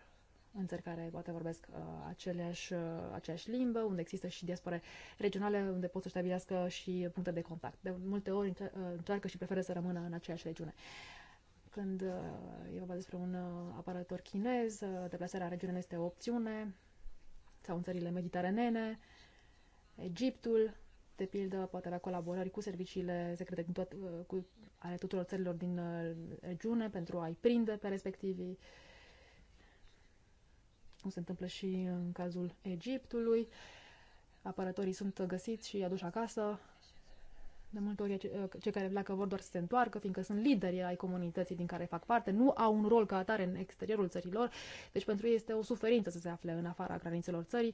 în țări care poate vorbesc uh, aceleași, uh, aceeași limbă, unde există și diaspore regionale, unde pot să stabilească și puncte de contact. De multe ori înce- uh, încearcă și preferă să rămână în aceeași regiune. Când uh, e vorba despre un uh, aparator chinez, uh, deplasarea regiunii este o opțiune, sau în țările mediteranene, Egiptul, de pildă, poate avea colaborări cu serviciile secrete din toat, uh, cu, ale tuturor țărilor din uh, regiune pentru a-i prinde pe respectivii uh, cum se întâmplă și în cazul Egiptului. Apărătorii sunt găsiți și aduși acasă. De multe ori cei care pleacă vor doar să se întoarcă, fiindcă sunt lideri ai comunității din care fac parte, nu au un rol ca atare în exteriorul țărilor, deci pentru ei este o suferință să se afle în afara granițelor țării,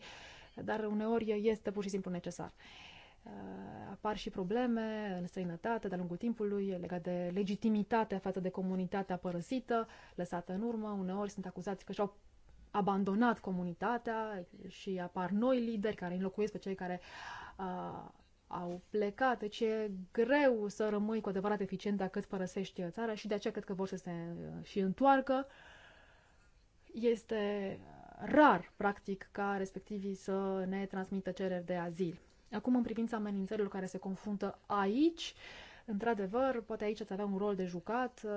dar uneori este pur și simplu necesar uh, apar și probleme în străinătate de-a lungul timpului legate de legitimitatea față de comunitatea părăsită, lăsată în urmă. Uneori sunt acuzați că și-au abandonat comunitatea și apar noi lideri care înlocuiesc pe cei care uh, au plecat. Deci e greu să rămâi cu adevărat eficient dacă îți părăsești țara și de aceea cred că vor să se uh, și întoarcă. Este rar, practic, ca respectivii să ne transmită cereri de azil. Acum, în privința amenințărilor care se confruntă aici, uh, Într-adevăr, poate aici ați avea un rol de jucat. Uh,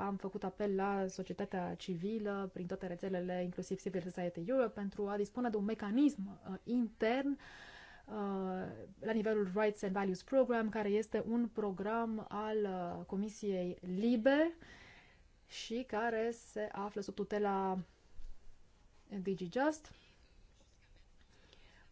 am făcut apel la societatea civilă, prin toate rețelele, inclusiv Civil Society Europe, pentru a dispune de un mecanism uh, intern uh, la nivelul Rights and Values Program, care este un program al Comisiei Libe și care se află sub tutela DigiJust. Just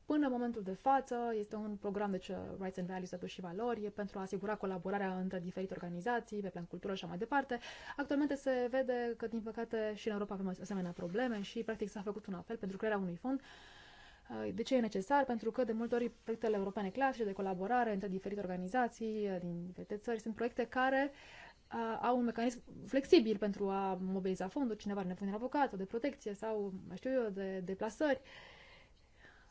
Până în momentul de față, este un program, de Rights and Values, adus și valori, pentru a asigura colaborarea între diferite organizații, pe plan cultură și așa mai departe. Actualmente se vede că, din păcate, și în Europa avem asemenea probleme și, practic, s-a făcut un apel pentru crearea unui fond de ce e necesar? Pentru că de multe ori proiectele europene clasice de colaborare între diferite organizații din diferite țări sunt proiecte care uh, au un mecanism flexibil pentru a mobiliza fonduri, cineva are nevoie de un avocat, de protecție sau, știu eu, de deplasări. Uh,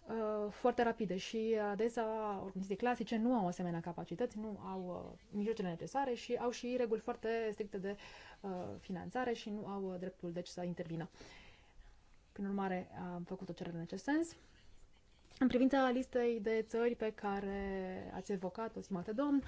Uh, foarte rapide și adesea organizații clasice nu au asemenea capacități, nu au uh, mijloacele necesare și au și reguli foarte stricte de uh, finanțare și nu au dreptul deci să intervină. Prin urmare, am făcut o cerere în acest sens. În privința listei de țări pe care ați evocat-o, stimate domn,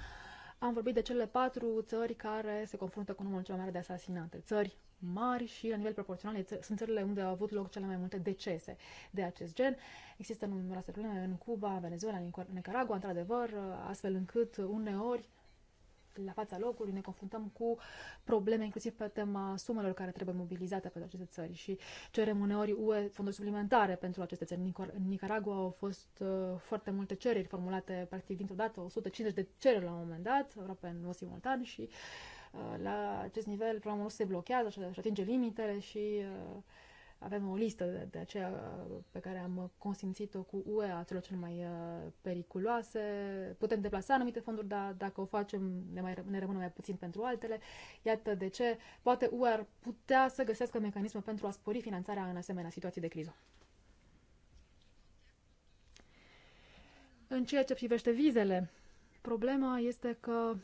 am vorbit de cele patru țări care se confruntă cu numărul cel mai mare de asasinate. Țări mari și la nivel proporțional sunt țările unde au avut loc cele mai multe decese de acest gen. Există numeroase probleme în Cuba, Venezuela, Nicaragua, într-adevăr, astfel încât uneori la fața locului ne confruntăm cu probleme inclusiv pe tema sumelor care trebuie mobilizate pentru aceste țări și cerem uneori UE fonduri suplimentare pentru aceste țări. În Nicaragua au fost uh, foarte multe cereri formulate practic dintr-o dată, 150 de cereri la un moment dat, aproape în mod simultan și uh, Uh, la acest nivel programul nostru se blochează și atinge limitele și uh, avem o listă de, de aceea uh, pe care am consimțit-o cu UE a celor cel mai periculoase. Putem deplasa anumite fonduri, dar dacă o facem ne, mai, ne rămână mai puțin pentru altele. Iată de ce poate UE ar putea să găsească mecanisme pentru a spori finanțarea în asemenea situații de criză. În ceea ce privește vizele, problema este că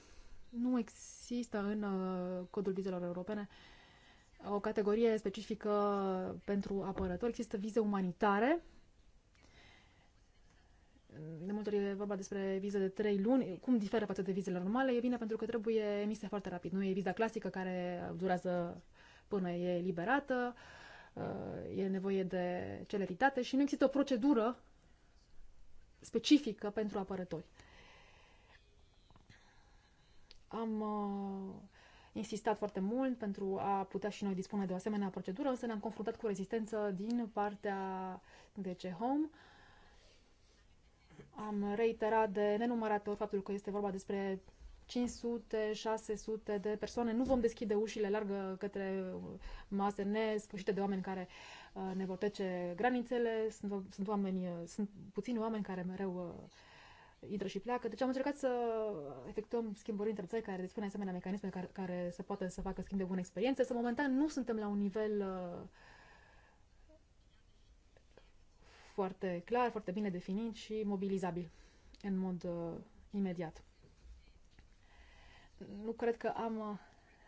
nu există în uh, codul vizelor europene o categorie specifică pentru apărători. Există vize umanitare. De multe ori e vorba despre vize de 3 luni. Cum diferă față de vizele normale? E bine pentru că trebuie emise foarte rapid. Nu e viza clasică care durează până e liberată. Uh, e nevoie de celeritate și nu există o procedură specifică pentru apărători. Am uh, insistat foarte mult pentru a putea și noi dispune de o asemenea procedură, însă ne-am confruntat cu rezistență din partea DC Home. Am reiterat de nenumărate ori faptul că este vorba despre 500-600 de persoane. Nu vom deschide ușile largă către mase nesfârșite de oameni care uh, ne vor trece granițele. Sunt, sunt, oameni, sunt puțini oameni care mereu uh, intră și pleacă. Deci am încercat să efectuăm schimburi între țări care dispun asemenea mecanisme care, care se poate să facă schimb de bună experiență. Să momentan nu suntem la un nivel uh, foarte clar, foarte bine definit și mobilizabil în mod uh, imediat. Nu cred că am uh,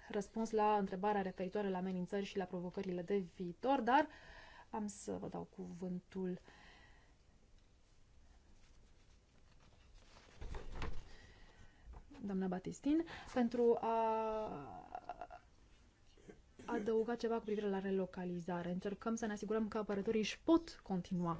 răspuns la întrebarea referitoare la amenințări și la provocările de viitor, dar am să vă dau cuvântul doamna Batistin, pentru a adăuga ceva cu privire la relocalizare. Încercăm să ne asigurăm că apărătorii își pot continua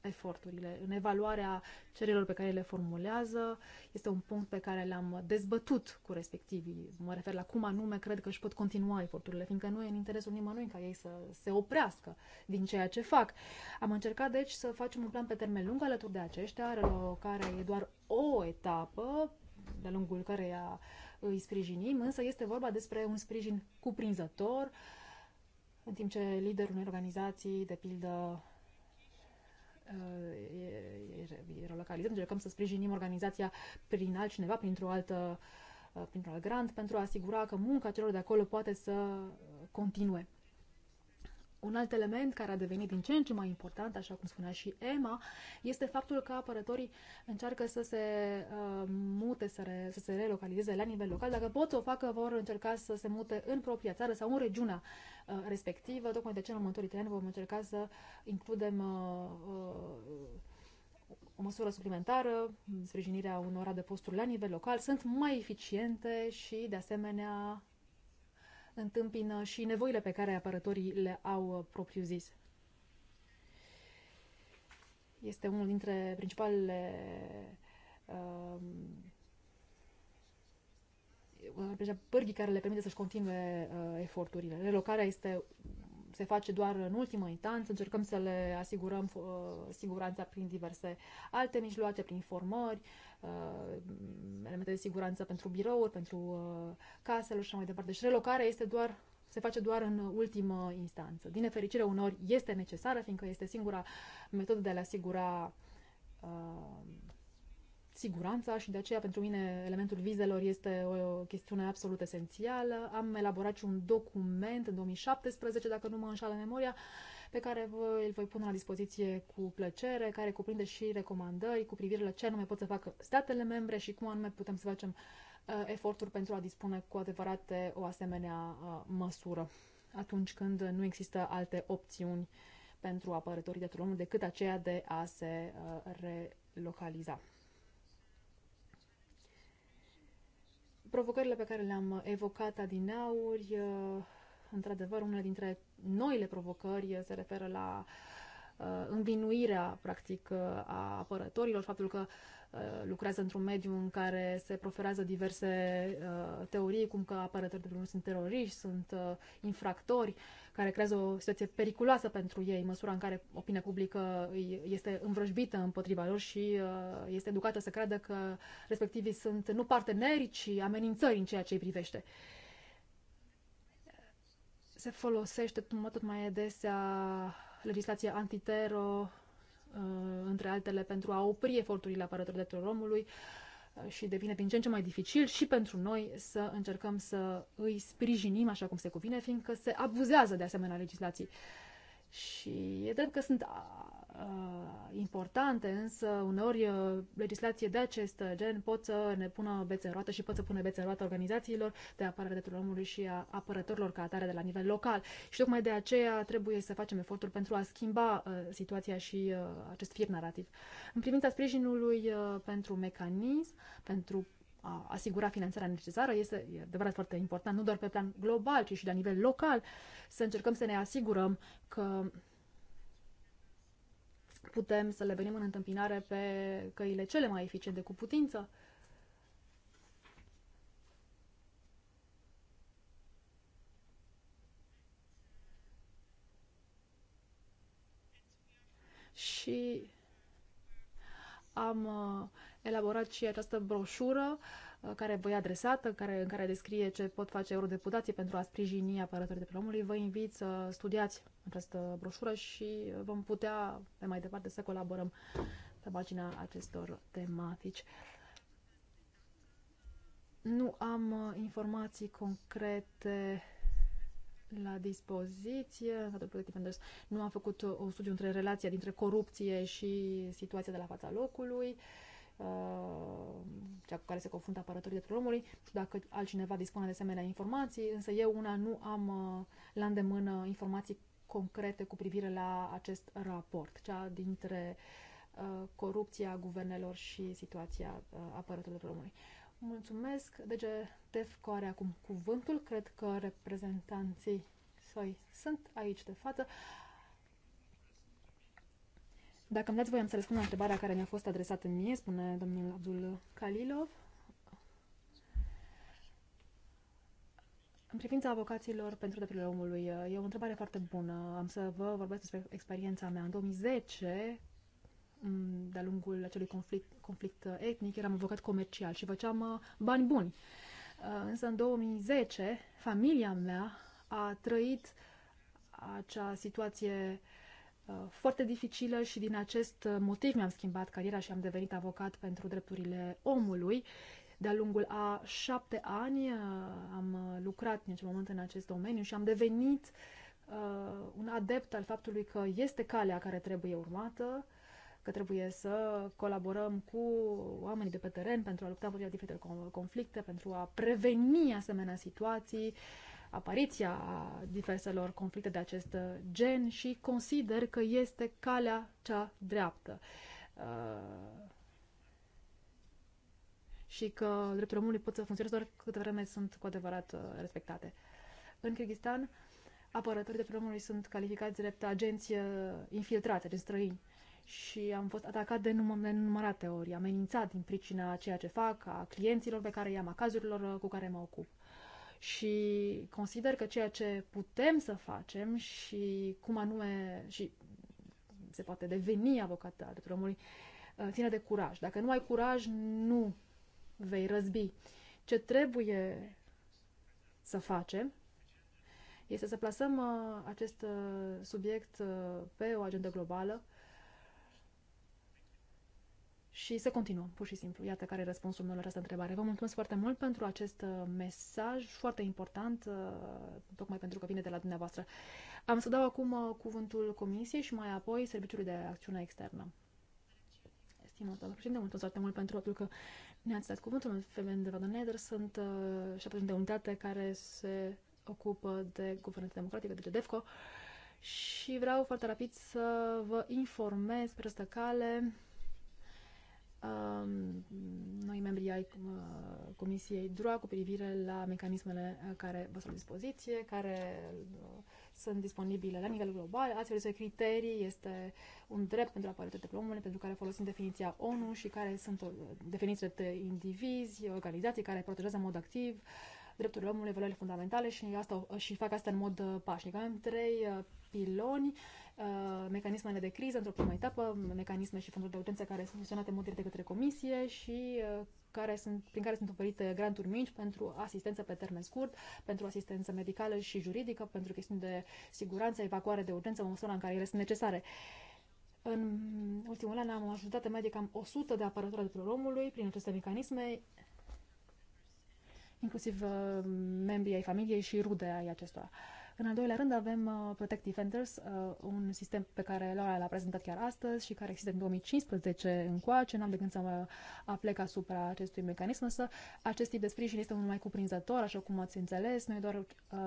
eforturile în evaluarea cererilor pe care le formulează. Este un punct pe care l-am dezbătut cu respectivii. Mă refer la cum anume cred că își pot continua eforturile, fiindcă nu e în interesul nimănui ca ei să se oprească din ceea ce fac. Am încercat deci să facem un plan pe termen lung alături de aceștia, relocarea e doar o etapă de-a lungul căreia îi sprijinim, însă este vorba despre un sprijin cuprinzător, în timp ce liderul unei organizații, de pildă, uh, e relocalizăm, încercăm să sprijinim organizația prin altcineva, printr-o altă uh, printr-un grant, pentru a asigura că munca celor de acolo poate să continue. Un alt element care a devenit din ce în ce mai important, așa cum spunea și Emma, este faptul că apărătorii încearcă să se uh, mute, să, re, să se relocalizeze la nivel local. Dacă pot să o facă, vor încerca să se mute în propria țară sau în regiunea uh, respectivă. Tocmai de ce în următorii trei ani vom încerca să includem uh, uh, o măsură suplimentară, sprijinirea unor de posturi la nivel local, sunt mai eficiente și, de asemenea, întâmpină și nevoile pe care apărătorii le au uh, propriu-zis. Este unul dintre principalele uh, pârghii care le permite să-și continue uh, eforturile. Relocarea este se face doar în ultimă instanță, încercăm să le asigurăm uh, siguranța prin diverse alte mijloace, prin informări, uh, elemente de siguranță pentru birouri, pentru uh, casele și așa mai departe. Deci relocarea este doar se face doar în ultimă instanță. Din nefericire, unor este necesară, fiindcă este singura metodă de a le asigura uh, siguranța și de aceea pentru mine elementul vizelor este o chestiune absolut esențială. Am elaborat și un document în 2017, dacă nu mă înșală memoria, pe care îl voi pune la dispoziție cu plăcere, care cuprinde și recomandări cu privire la ce anume pot să facă statele membre și cum anume putem să facem uh, eforturi pentru a dispune cu adevărat o asemenea uh, măsură atunci când nu există alte opțiuni pentru apărătorii de omului decât aceea de a se uh, relocaliza. provocările pe care le-am evocat adineauri, uh, într-adevăr, una dintre noile provocări uh, se referă la uh, învinuirea, practic, a apărătorilor, faptul că lucrează într-un mediu în care se proferează diverse teorii, cum că apărătorii de drumuri sunt teroriști, sunt infractori care creează o situație periculoasă pentru ei, în măsura în care opinia publică este învrăjbită împotriva lor și uh, este educată să creadă că respectivii sunt nu parteneri, ci amenințări în ceea ce îi privește. Se folosește tot mai adesea legislația antitero, uh, între altele, pentru a opri eforturile apărătorilor drepturilor omului, și devine din ce în ce mai dificil și pentru noi să încercăm să îi sprijinim așa cum se cuvine, fiindcă se abuzează de asemenea legislații. Și e drept că sunt Uh, importante, însă uneori uh, legislație de acest gen pot să ne pună bețe în roată și pot să pune bețe în roată organizațiilor de apărare de omului și a apărătorilor ca atare de la nivel local. Și tocmai de aceea trebuie să facem eforturi pentru a schimba uh, situația și uh, acest fir narrativ. În privința sprijinului uh, pentru mecanism, pentru a asigura finanțarea necesară este e adevărat foarte important, nu doar pe plan global, ci și la nivel local, să încercăm să ne asigurăm că putem să le venim în întâmpinare pe căile cele mai eficiente cu putință. Și am uh, elaborat și această broșură uh, care voi adresată, care, în care descrie ce pot face eurodeputații pentru a sprijini apărătorii de omului. Vă invit să studiați această broșură și uh, vom putea pe mai departe să colaborăm pe pagina acestor tematici. Nu am uh, informații concrete la dispoziție. Nu am făcut un studiu între relația dintre corupție și situația de la fața locului. Uh, Uh, cea cu care se confruntă apărătorii drepturilor omului, dacă altcineva dispune de asemenea informații, însă eu una nu am uh, la îndemână informații concrete cu privire la acest raport, cea dintre uh, corupția guvernelor și situația apărătorilor omului. Mulțumesc. DG Defco are acum cuvântul. Cred că reprezentanții săi sunt aici de față. Dacă îmi dați voie, am să răspund la întrebarea care mi-a fost adresată mie, spune domnul Abdul Kalilov. În privința avocaților pentru drepturile omului, e o întrebare foarte bună. Am să vă vorbesc despre experiența mea. În 2010, de-a lungul acelui conflict, conflict etnic, eram avocat comercial și făceam uh, bani buni. Uh, însă în 2010, familia mea a trăit acea situație uh, Uh, foarte dificilă și din acest uh, motiv mi-am schimbat cariera și am devenit avocat pentru drepturile omului. De-a lungul a șapte ani uh, am lucrat în acest moment în acest domeniu și am devenit uh, un adept al faptului că este calea care trebuie urmată, că trebuie să colaborăm cu oamenii de pe teren pentru a lupta împotriva diferitelor conflicte, pentru a preveni asemenea situații, uh, apariția a diverselor conflicte de acest gen și consider că este calea cea dreaptă. Uh, și că drepturile omului pot să funcționeze doar câte vreme sunt cu adevărat uh, respectate. În Kyrgyzstan, apărătorii drepturilor omului sunt calificați drept agenți uh, infiltrați, agenți străini și am fost atacat de nenumărate ori, amenințat din pricina ceea ce fac, a clienților pe care i-am, a cazurilor uh, cu care mă ocup și consider că ceea ce putem să facem și cum anume și se poate deveni avocat al drepturilor omului uh, ține de curaj. Dacă nu ai curaj, nu vei răzbi. Ce trebuie să facem este să plasăm uh, acest uh, subiect pe o agendă globală și să continuăm, pur și simplu. Iată care e răspunsul meu la această întrebare. Vă mulțumesc foarte mult pentru acest uh, mesaj foarte important, uh, tocmai pentru că vine de la dumneavoastră. Am să dau acum uh, cuvântul Comisiei și mai apoi Serviciului de Acțiune Externă. Stimată doamnă președinte, mulțumesc foarte mult pentru faptul că ne-ați dat cuvântul. Femen de Vadaneder sunt și de unitate care se ocupă de guvernanță democratică, de GDEFCO și vreau foarte rapid să vă informez pe această cale noi membrii ai uh, Comisiei DRUA cu privire la mecanismele uh, care vă sunt dispoziție, care uh, sunt disponibile la nivel global. Astfel de criterii este un drept pentru a paritate omului, pentru care folosim definiția ONU și care sunt definițiile de indivizi, organizații care protejează în mod activ drepturile omului, valorile fundamentale și, asta, și fac asta în mod pașnic. Avem trei piloni, uh, mecanismele de criză într-o primă etapă, mecanisme și fonduri de urgență care sunt gestionate în mod direct de către comisie și uh, care sunt, prin care sunt oferite granturi mici pentru asistență pe termen scurt, pentru asistență medicală și juridică, pentru chestiuni de siguranță, evacuare de urgență, în măsura în care ele sunt necesare. În ultimul an am ajutat în medie cam 100 de apărători de omului prin aceste mecanisme, inclusiv uh, membrii ai familiei și rude ai acestora. În al doilea rând avem uh, Protective Defenders, uh, un sistem pe care Laura l-a prezentat chiar astăzi și care există în 2015 încoace. N-am de gând să mă aplec asupra acestui mecanism, însă acest tip de sprijin este unul mai cuprinzător, așa cum ați înțeles. Nu e doar uh,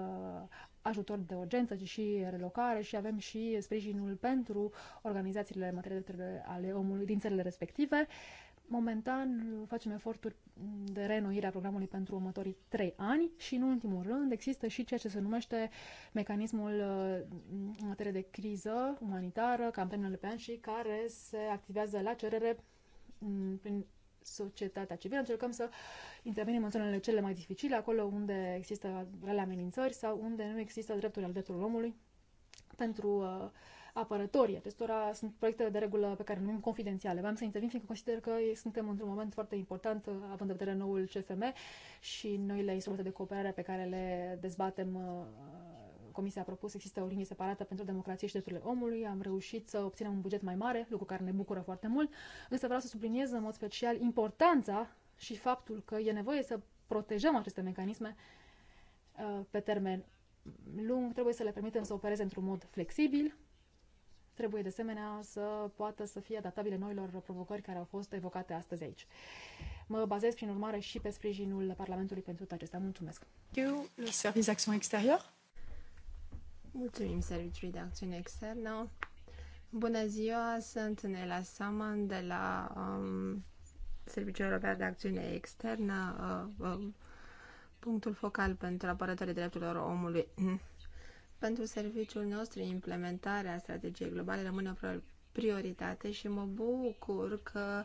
ajutor de urgență, ci și relocare și avem și sprijinul pentru organizațiile materiale ale omului din țările respective. Uh, Momentan facem eforturi de reînnoire a programului pentru următorii trei ani și, în ultimul rând, există și ceea ce se numește mecanismul uh, în materie de criză umanitară, campaniile pe an și care se activează la cerere mm, prin societatea civilă. Încercăm să intervenim în zonele cele mai dificile, acolo unde există rele amenințări sau unde nu există drepturi al drepturilor omului pentru uh, apărătorii acestora sunt proiecte de regulă pe care numim confidențiale. V-am să intervin fiindcă consider că suntem într-un moment foarte important, având în vedere noul CFM și noile instrumente de cooperare pe care le dezbatem. Uh, Comisia a propus, există o linie separată pentru democrație și drepturile omului, am reușit să obținem un buget mai mare, lucru care ne bucură foarte mult, însă vreau să subliniez în mod special importanța și faptul că e nevoie să protejăm aceste mecanisme uh, pe termen lung, trebuie să le permitem să opereze într-un mod flexibil, trebuie de asemenea să poată să fie adaptabile noilor provocări care au fost evocate astăzi aici. Mă bazez, prin urmare, și pe sprijinul Parlamentului pentru toate acestea. Mulțumesc! Eu, le Service Action Mulțumim Serviciului de Acțiune Externă. Bună ziua, sunt Nela Saman de la um, Serviciul European de Acțiune Externă, uh, uh, punctul focal pentru apărătorii drepturilor omului. Pentru serviciul nostru, implementarea strategiei globale rămâne o prioritate și mă bucur că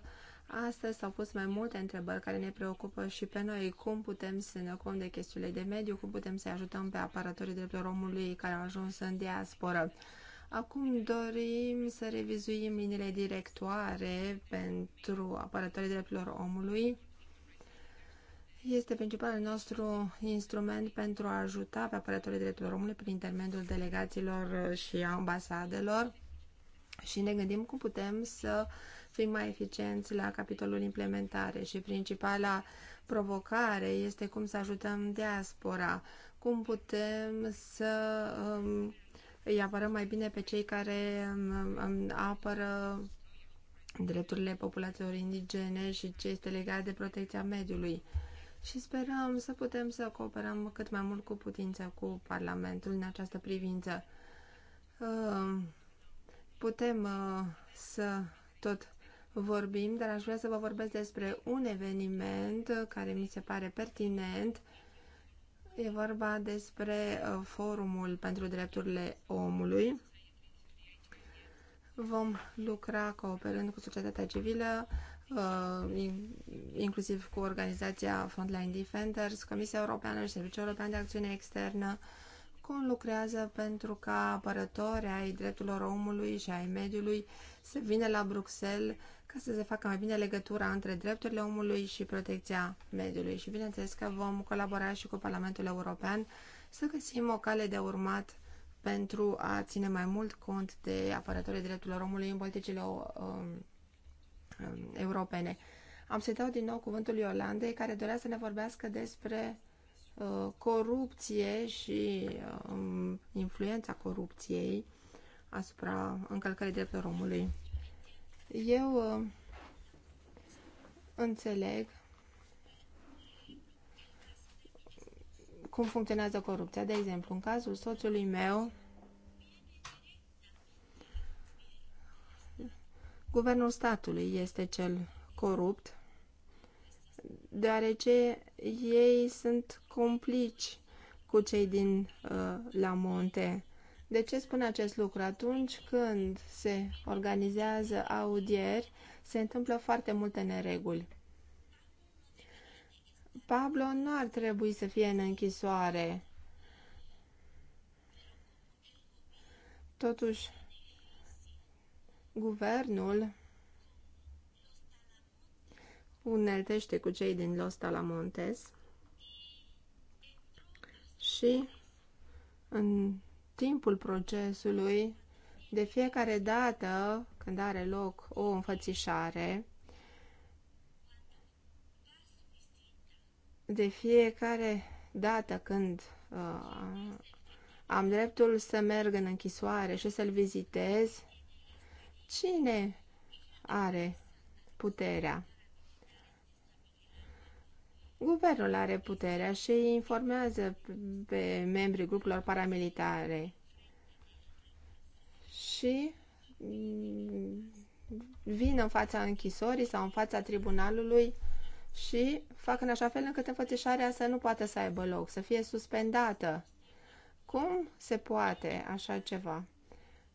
astăzi s-au pus mai multe întrebări care ne preocupă și pe noi. Cum putem să ne ocupăm de chestiile de mediu, cum putem să ajutăm pe aparatorii drepturilor omului care au ajuns în diasporă. Acum dorim să revizuim liniile directoare pentru apărătorii drepturilor omului este principalul nostru instrument pentru a ajuta pe apărătorii drepturilor omului prin intermediul delegațiilor și ambasadelor și ne gândim cum putem să fim mai eficienți la capitolul implementare și principala provocare este cum să ajutăm diaspora, cum putem să um, îi apărăm mai bine pe cei care um, um apără drepturile populațiilor indigene și ce este legat de protecția mediului și sperăm să putem să cooperăm cât mai mult cu putință cu Parlamentul în această privință. Uh, putem uh, să tot vorbim, dar aș vrea să vă vorbesc despre un eveniment uh, care mi se pare pertinent. E vorba despre Forumul pentru Drepturile Omului. Vom lucra cooperând cu societatea civilă, Uh, inclusiv cu organizația Frontline Defenders, Comisia Europeană și Serviciul European de Acțiune Externă, cum lucrează pentru ca apărători ai drepturilor omului și ai mediului să vină la Bruxelles ca să se facă mai bine legătura între drepturile omului și protecția mediului. Și bineînțeles că vom colabora și cu Parlamentul European să găsim o cale de urmat pentru a ține mai mult cont de apărătorii drepturilor omului în politicile um, Um, europene. Am să dau din nou cuvântul Iolandei, care dorea să ne vorbească despre uh, corupție și uh, influența corupției asupra încălcării drepturilor omului. Eu uh, înțeleg cum funcționează corupția. De exemplu, în cazul soțului meu, Guvernul statului este cel corupt, deoarece ei sunt complici cu cei din uh, la monte. De ce spun acest lucru? Atunci când se organizează audieri, se întâmplă foarte multe nereguli. Pablo nu ar trebui să fie în închisoare. Totuși, Guvernul uneltește cu cei din Los Talamontes și în timpul procesului, de fiecare dată când are loc o înfățișare, de fiecare dată când uh, am dreptul să merg în închisoare și să-l vizitez, Cine are puterea? Guvernul are puterea și informează pe membrii grupurilor paramilitare și mm, vin în fața închisorii sau în fața tribunalului și fac în așa fel încât înfățișarea să nu poată să aibă loc, să fie suspendată. Cum se poate așa ceva?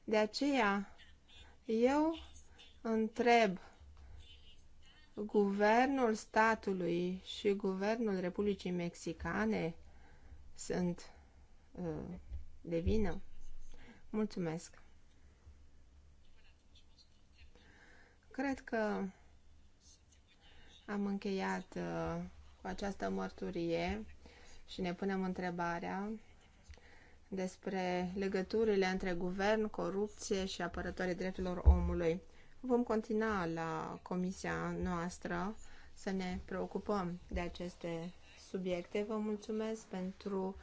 De aceea eu întreb guvernul statului și guvernul Republicii Mexicane sunt uh, de vină? Mulțumesc! Cred că am încheiat uh, cu această mărturie și ne punem întrebarea despre legăturile între guvern, corupție și apărătorii drepturilor omului. Vom continua la comisia noastră să ne preocupăm de aceste subiecte. Vă mulțumesc pentru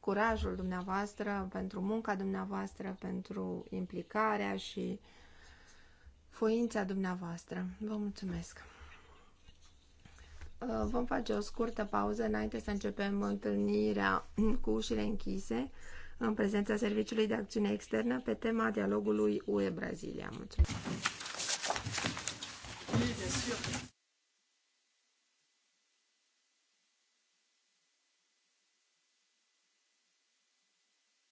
curajul dumneavoastră, pentru munca dumneavoastră, pentru implicarea și foința dumneavoastră. Vă mulțumesc! Uh, vom face o scurtă pauză înainte să începem întâlnirea cu ușile închise în prezența Serviciului de Acțiune Externă pe tema dialogului UE-Brazilia. Mulțumesc!